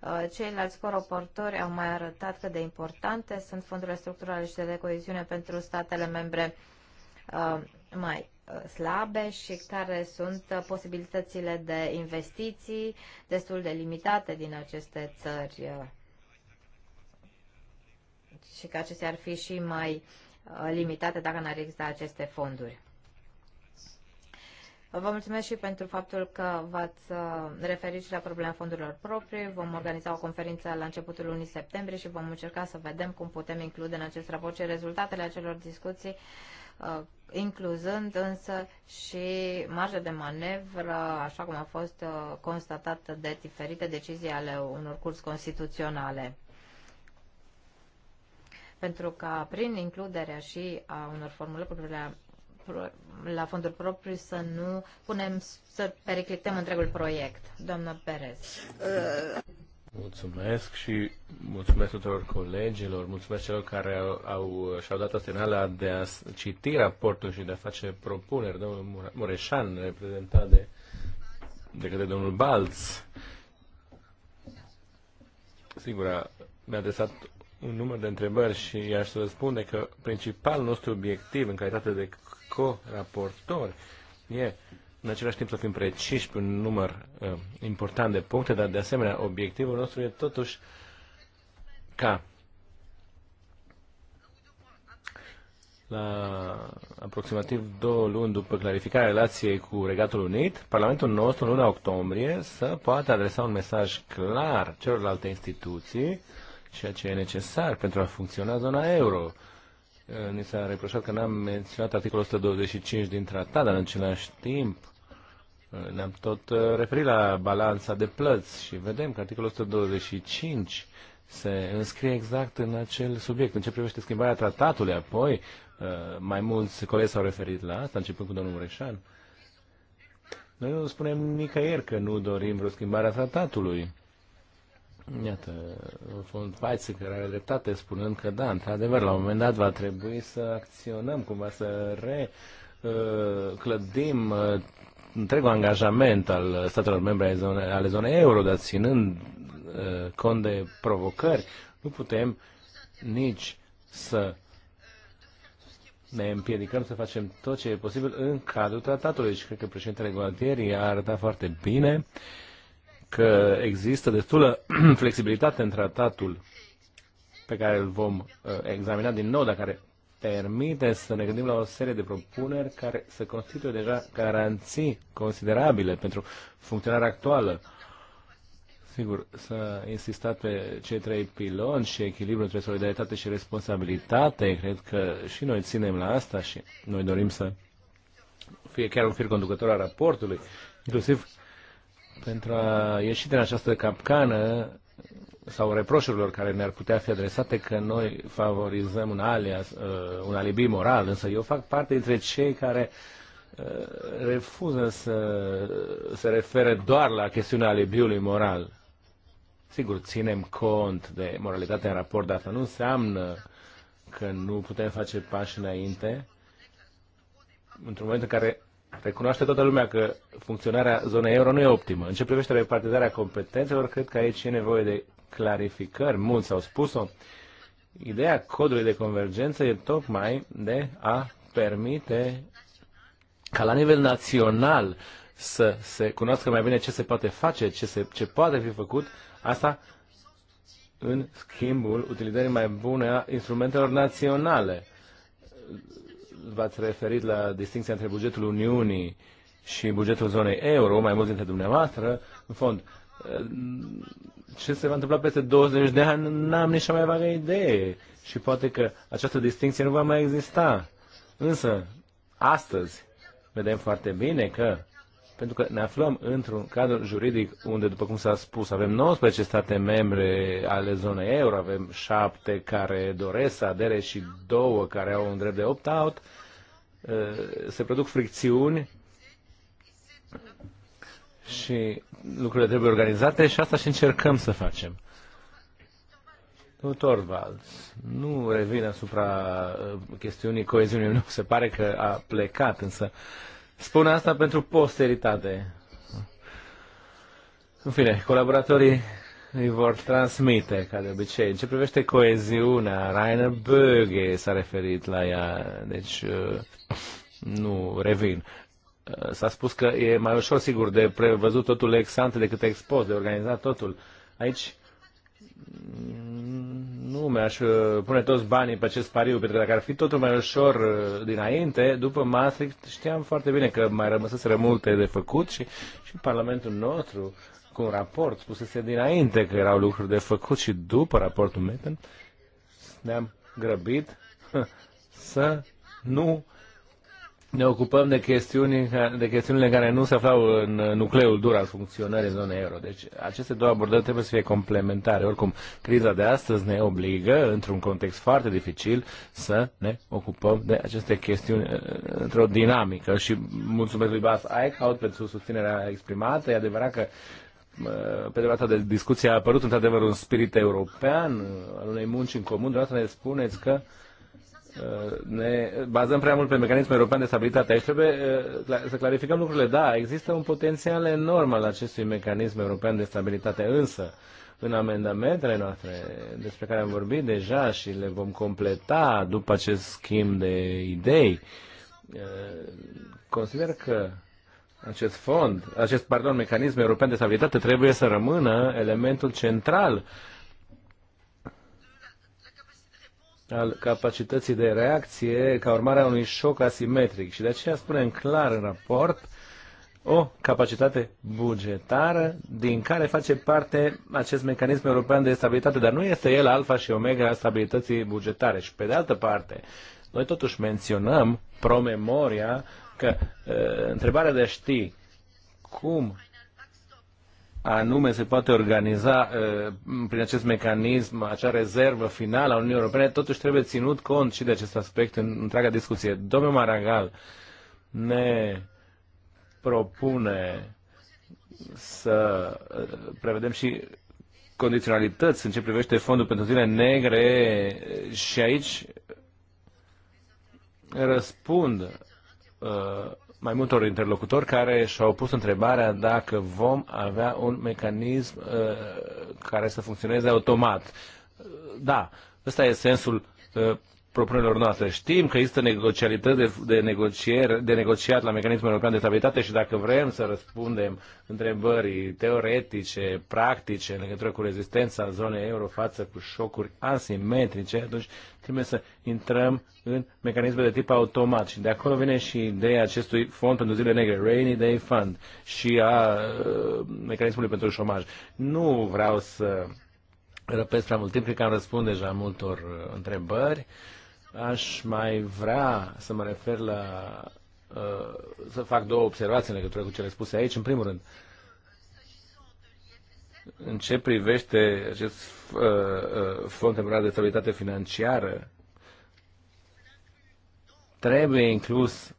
Uh, ceilalți coroportori au mai arătat cât de importante sunt fondurile structurale și de coeziune pentru statele membre uh, mai uh, slabe și care sunt uh, posibilitățile de investiții destul de limitate din aceste țări uh, și că acestea ar fi și mai limitate dacă n-ar exista aceste fonduri. Vă mulțumesc și pentru faptul că v-ați referit și la problema fondurilor proprii. Vom organiza o conferință la începutul lunii septembrie și vom încerca să vedem cum putem include în acest raport și rezultatele acelor discuții Uh, incluzând însă și marja de manevră, așa cum a fost uh, constatată de diferite decizii ale unor curs constituționale. Pentru că prin includerea și a unor formule la, la fondul propriu să nu punem, să periclităm întregul proiect. Doamna Perez. Uh, Mulțumesc și mulțumesc tuturor colegilor, mulțumesc celor care au, au, și-au dat astenala de a citi raportul și de a face propuneri. Domnul Mureșan, reprezentat de, de către domnul Balț, sigur, mi-a adresat un număr de întrebări și i-aș răspunde că principalul nostru obiectiv în calitate de co-raportor e în același timp să fim preciși pe un număr uh, important de puncte, dar de asemenea obiectivul nostru e totuși ca la aproximativ două luni după clarificarea relației cu Regatul Unit, Parlamentul nostru în luna octombrie să poată adresa un mesaj clar celorlalte instituții, ceea ce e necesar pentru a funcționa zona euro. Uh, ni s-a reproșat că n-am menționat articolul 125 din tratat, dar în același timp ne-am tot uh, referit la balanța de plăți și vedem că articolul 125 se înscrie exact în acel subiect. În ce privește schimbarea tratatului, apoi, uh, mai mulți colegi s-au referit la asta, începând cu domnul Mureșan. Noi nu spunem nicăieri că nu dorim vreo schimbare a tratatului. Iată, fond Paiță care are dreptate spunând că da, într-adevăr, la un moment dat va trebui să acționăm, cumva să reclădim uh, întregul angajament al statelor membre ale zonei, ale zonei euro, dar ținând uh, cont de provocări, nu putem nici să ne împiedicăm să facem tot ce e posibil în cadrul tratatului. Și cred că președintele Gualtieri a arătat foarte bine că există destulă flexibilitate în tratatul pe care îl vom uh, examina din nou, dar care permite să ne gândim la o serie de propuneri care să constituie deja garanții considerabile pentru funcționarea actuală. Sigur, s-a insistat pe cei trei piloni și echilibru între solidaritate și responsabilitate. Cred că și noi ținem la asta și noi dorim să fie chiar un fir conducător al raportului, inclusiv pentru a ieși din această capcană sau reproșurilor care ne-ar putea fi adresate că noi favorizăm un, alias, uh, un alibi moral, însă eu fac parte dintre cei care uh, refuză să se refere doar la chestiunea alibiului moral. Sigur, ținem cont de moralitatea în raport, dar asta nu înseamnă că nu putem face pași înainte într-un moment în care recunoaște toată lumea că funcționarea zonei euro nu e optimă. În ce privește repartizarea competențelor, cred că aici e nevoie de clarificări, mulți au spus-o. Ideea codului de convergență e tocmai de a permite ca la nivel național să se cunoască mai bine ce se poate face, ce, se, ce poate fi făcut, asta în schimbul utilizării mai bune a instrumentelor naționale. V-ați referit la distinția între bugetul Uniunii și bugetul zonei euro, mai mulți dintre dumneavoastră, în fond, ce se va întâmpla peste 20 de ani, n-am nici mai vagă idee. Și poate că această distinție nu va mai exista. Însă, astăzi, vedem foarte bine că, pentru că ne aflăm într-un cadru juridic unde, după cum s-a spus, avem 19 state membre ale zonei euro, avem 7 care doresc să adere și 2 care au un drept de opt-out, eh, se produc fricțiuni și lucrurile trebuie organizate și asta și încercăm să facem. Nu Torvalds, nu revin asupra uh, chestiunii coeziunii, nu se pare că a plecat, însă spun asta pentru posteritate. În fine, colaboratorii îi vor transmite, ca de obicei. În ce privește coeziunea, Rainer Böge s-a referit la ea, deci uh, nu revin. Eh, s-a spus că e mai ușor, sigur, de prevăzut totul ex ante decât ex post, de organizat totul. Aici mm, nu mi-aș eh, pune toți banii pe acest pariu, pentru că dacă ar fi totul mai ușor eh, dinainte, după Maastricht știam foarte bine că mai rămăseseră multe de făcut și, și Parlamentul nostru, cu un raport, spusese dinainte că erau lucruri de făcut și după raportul Metten, ne-am grăbit să nu ne ocupăm de, chestiuni, de chestiunile care nu se aflau în nucleul dur al funcționării zonei euro. Deci aceste două abordări trebuie să fie complementare. Oricum, criza de astăzi ne obligă, într-un context foarte dificil, să ne ocupăm de aceste chestiuni uh, într-o dinamică. Și mulțumesc lui Bas Eichhout pentru susținerea exprimată. E adevărat că uh, pe de de discuție a apărut într-adevăr un spirit european uh, al unei munci în comun. De ne spuneți că Uh, ne bazăm prea mult pe mecanismul european de stabilitate. Aici trebuie uh, să clarificăm lucrurile. Da, există un potențial enorm al acestui mecanism european de stabilitate, însă în amendamentele noastre despre care am vorbit deja și le vom completa după acest schimb de idei, uh, consider că acest fond, acest, pardon, mecanism european de stabilitate trebuie să rămână elementul central uh, al capacității de reacție ca urmare a unui șoc asimetric. Și de aceea spunem clar în raport o capacitate bugetară din care face parte acest mecanism european de stabilitate, dar nu este el alfa și omega a stabilității bugetare. Și pe de altă parte, noi totuși menționăm promemoria că e, uh, întrebarea de a ști cum anume se poate organiza uh, prin acest mecanism acea rezervă finală a Uniunii Europene, totuși trebuie ținut cont și de acest aspect în întreaga discuție. Domnul Maragal ne propune să uh, prevedem și condiționalități în ce privește fondul pentru zile negre și aici răspund uh, mai multor interlocutori care și-au pus întrebarea dacă vom avea un mecanism uh, care să funcționeze automat. Da, ăsta e sensul uh, propunerilor noastre. Știm că există negocialități de, de, negocier, de negociat la mecanismul european de stabilitate și dacă vrem să răspundem întrebării teoretice, practice, în legătură cu rezistența zonei euro față cu șocuri asimetrice, atunci trebuie să intrăm în mecanisme de tip automat. Și de acolo vine și ideea acestui fond pentru zile negre, Rainy Day Fund, și a uh, mecanismului pentru șomaj. Nu vreau să răpesc prea mult timp, cred că am răspuns deja multor uh, întrebări. Aș mai vrea să mă refer la uh, să fac două observații în legătură cu cele spuse aici. În primul rând, în ce privește acest uh, uh, fond temporar de stabilitate financiară, trebuie inclus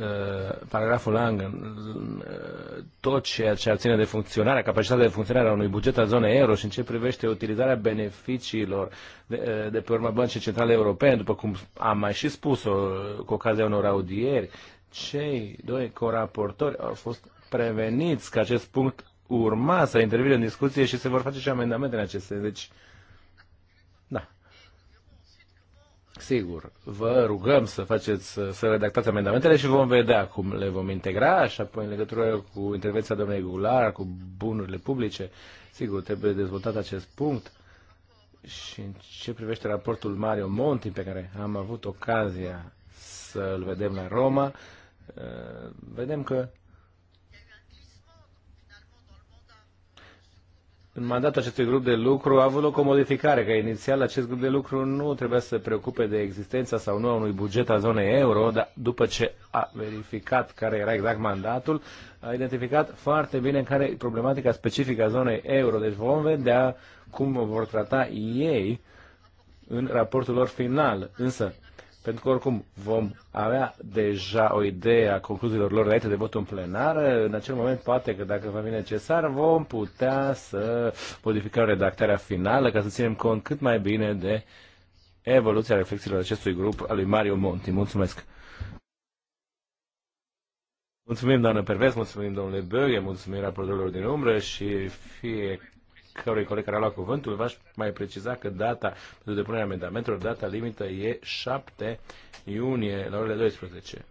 Uh, paragraful Lang, uh, tot ceea ce ține de funcționarea, capacitatea de funcționare a unui buget al zonei euro și în ce privește utilizarea beneficiilor de, uh, de pe urma băncii centrale europene, după cum am mai și spus-o cu ocazia unor audieri, cei doi coraportori au fost preveniți că acest punct urma să intervine în discuție și se vor face și amendamente în acest sens. Deci, Sigur, vă rugăm să faceți, să redactați amendamentele și vom vedea cum le vom integra și apoi în legătură cu intervenția domnului Gular, cu bunurile publice, sigur, trebuie dezvoltat acest punct și în ce privește raportul Mario Monti pe care am avut ocazia să-l vedem la Roma, eh, vedem că în mandatul acestui grup de lucru a avut loc o modificare, că inițial acest grup de lucru nu trebuia să se preocupe de existența sau nu a unui buget a zonei euro, dar după ce a verificat care era exact mandatul, a identificat foarte bine care e problematica specifică a zonei euro. Deci vom vedea cum vor trata ei în raportul lor final. Însă, pentru că oricum vom avea deja o idee a concluziilor lor înainte de votul în plenar. În acel moment, poate că dacă va fi necesar, vom putea să modificăm redactarea finală ca să ținem cont cât mai bine de evoluția reflexiilor acestui grup al lui Mario Monti. Mulțumesc! Mulțumim, doamnă Pervez, mulțumim, domnule Böge, mulțumim raportorilor din umbră și fie oricărui coleg care a luat cuvântul, v-aș mai preciza că data depunere a amendamentelor, data limită e 7 iunie la orele 12.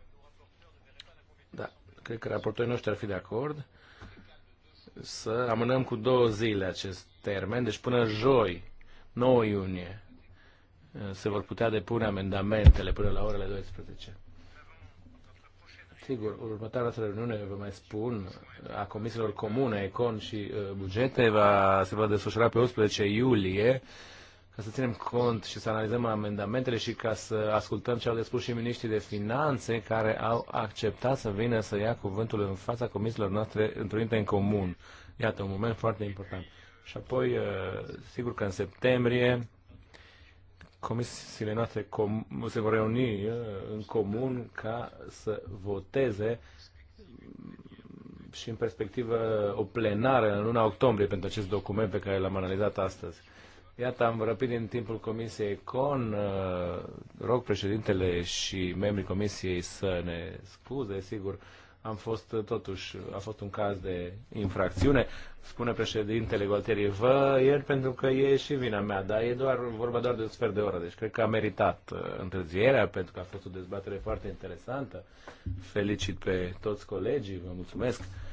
Da, cred că raportorii noștri ar fi de acord să amânăm cu două zile acest termen, deci până joi, 9 iunie, se vor putea depune amendamentele până la orele 12. Sigur, următoarea noastră reuniune, vă mai spun, a comisiilor comune, econ și uh, bugete, va, se va desfășura pe 11 iulie ca să ținem cont și să analizăm amendamentele și ca să ascultăm ce au de spus și miniștrii de finanțe care au acceptat să vină să ia cuvântul în fața comisiilor noastre întrunite în comun. Iată, un moment foarte important. Și apoi, uh, sigur că în septembrie comisiile noastre com- se vor reuni uh, în comun ca să voteze și în perspectivă o plenară în luna octombrie pentru acest document pe care l-am analizat astăzi. Iată, am răpit din timpul Comisiei CON. Uh, rog președintele și membrii Comisiei să ne scuze, sigur, am fost uh, totuși, a fost un caz de infracțiune. Spune președintele Gualtieri, vă ieri pentru că e și vina mea, dar e doar, vorba doar de un sfert de oră, deci cred că a meritat uh, întârzierea pentru că a fost o dezbatere foarte interesantă. Felicit pe toți colegii, vă mulțumesc.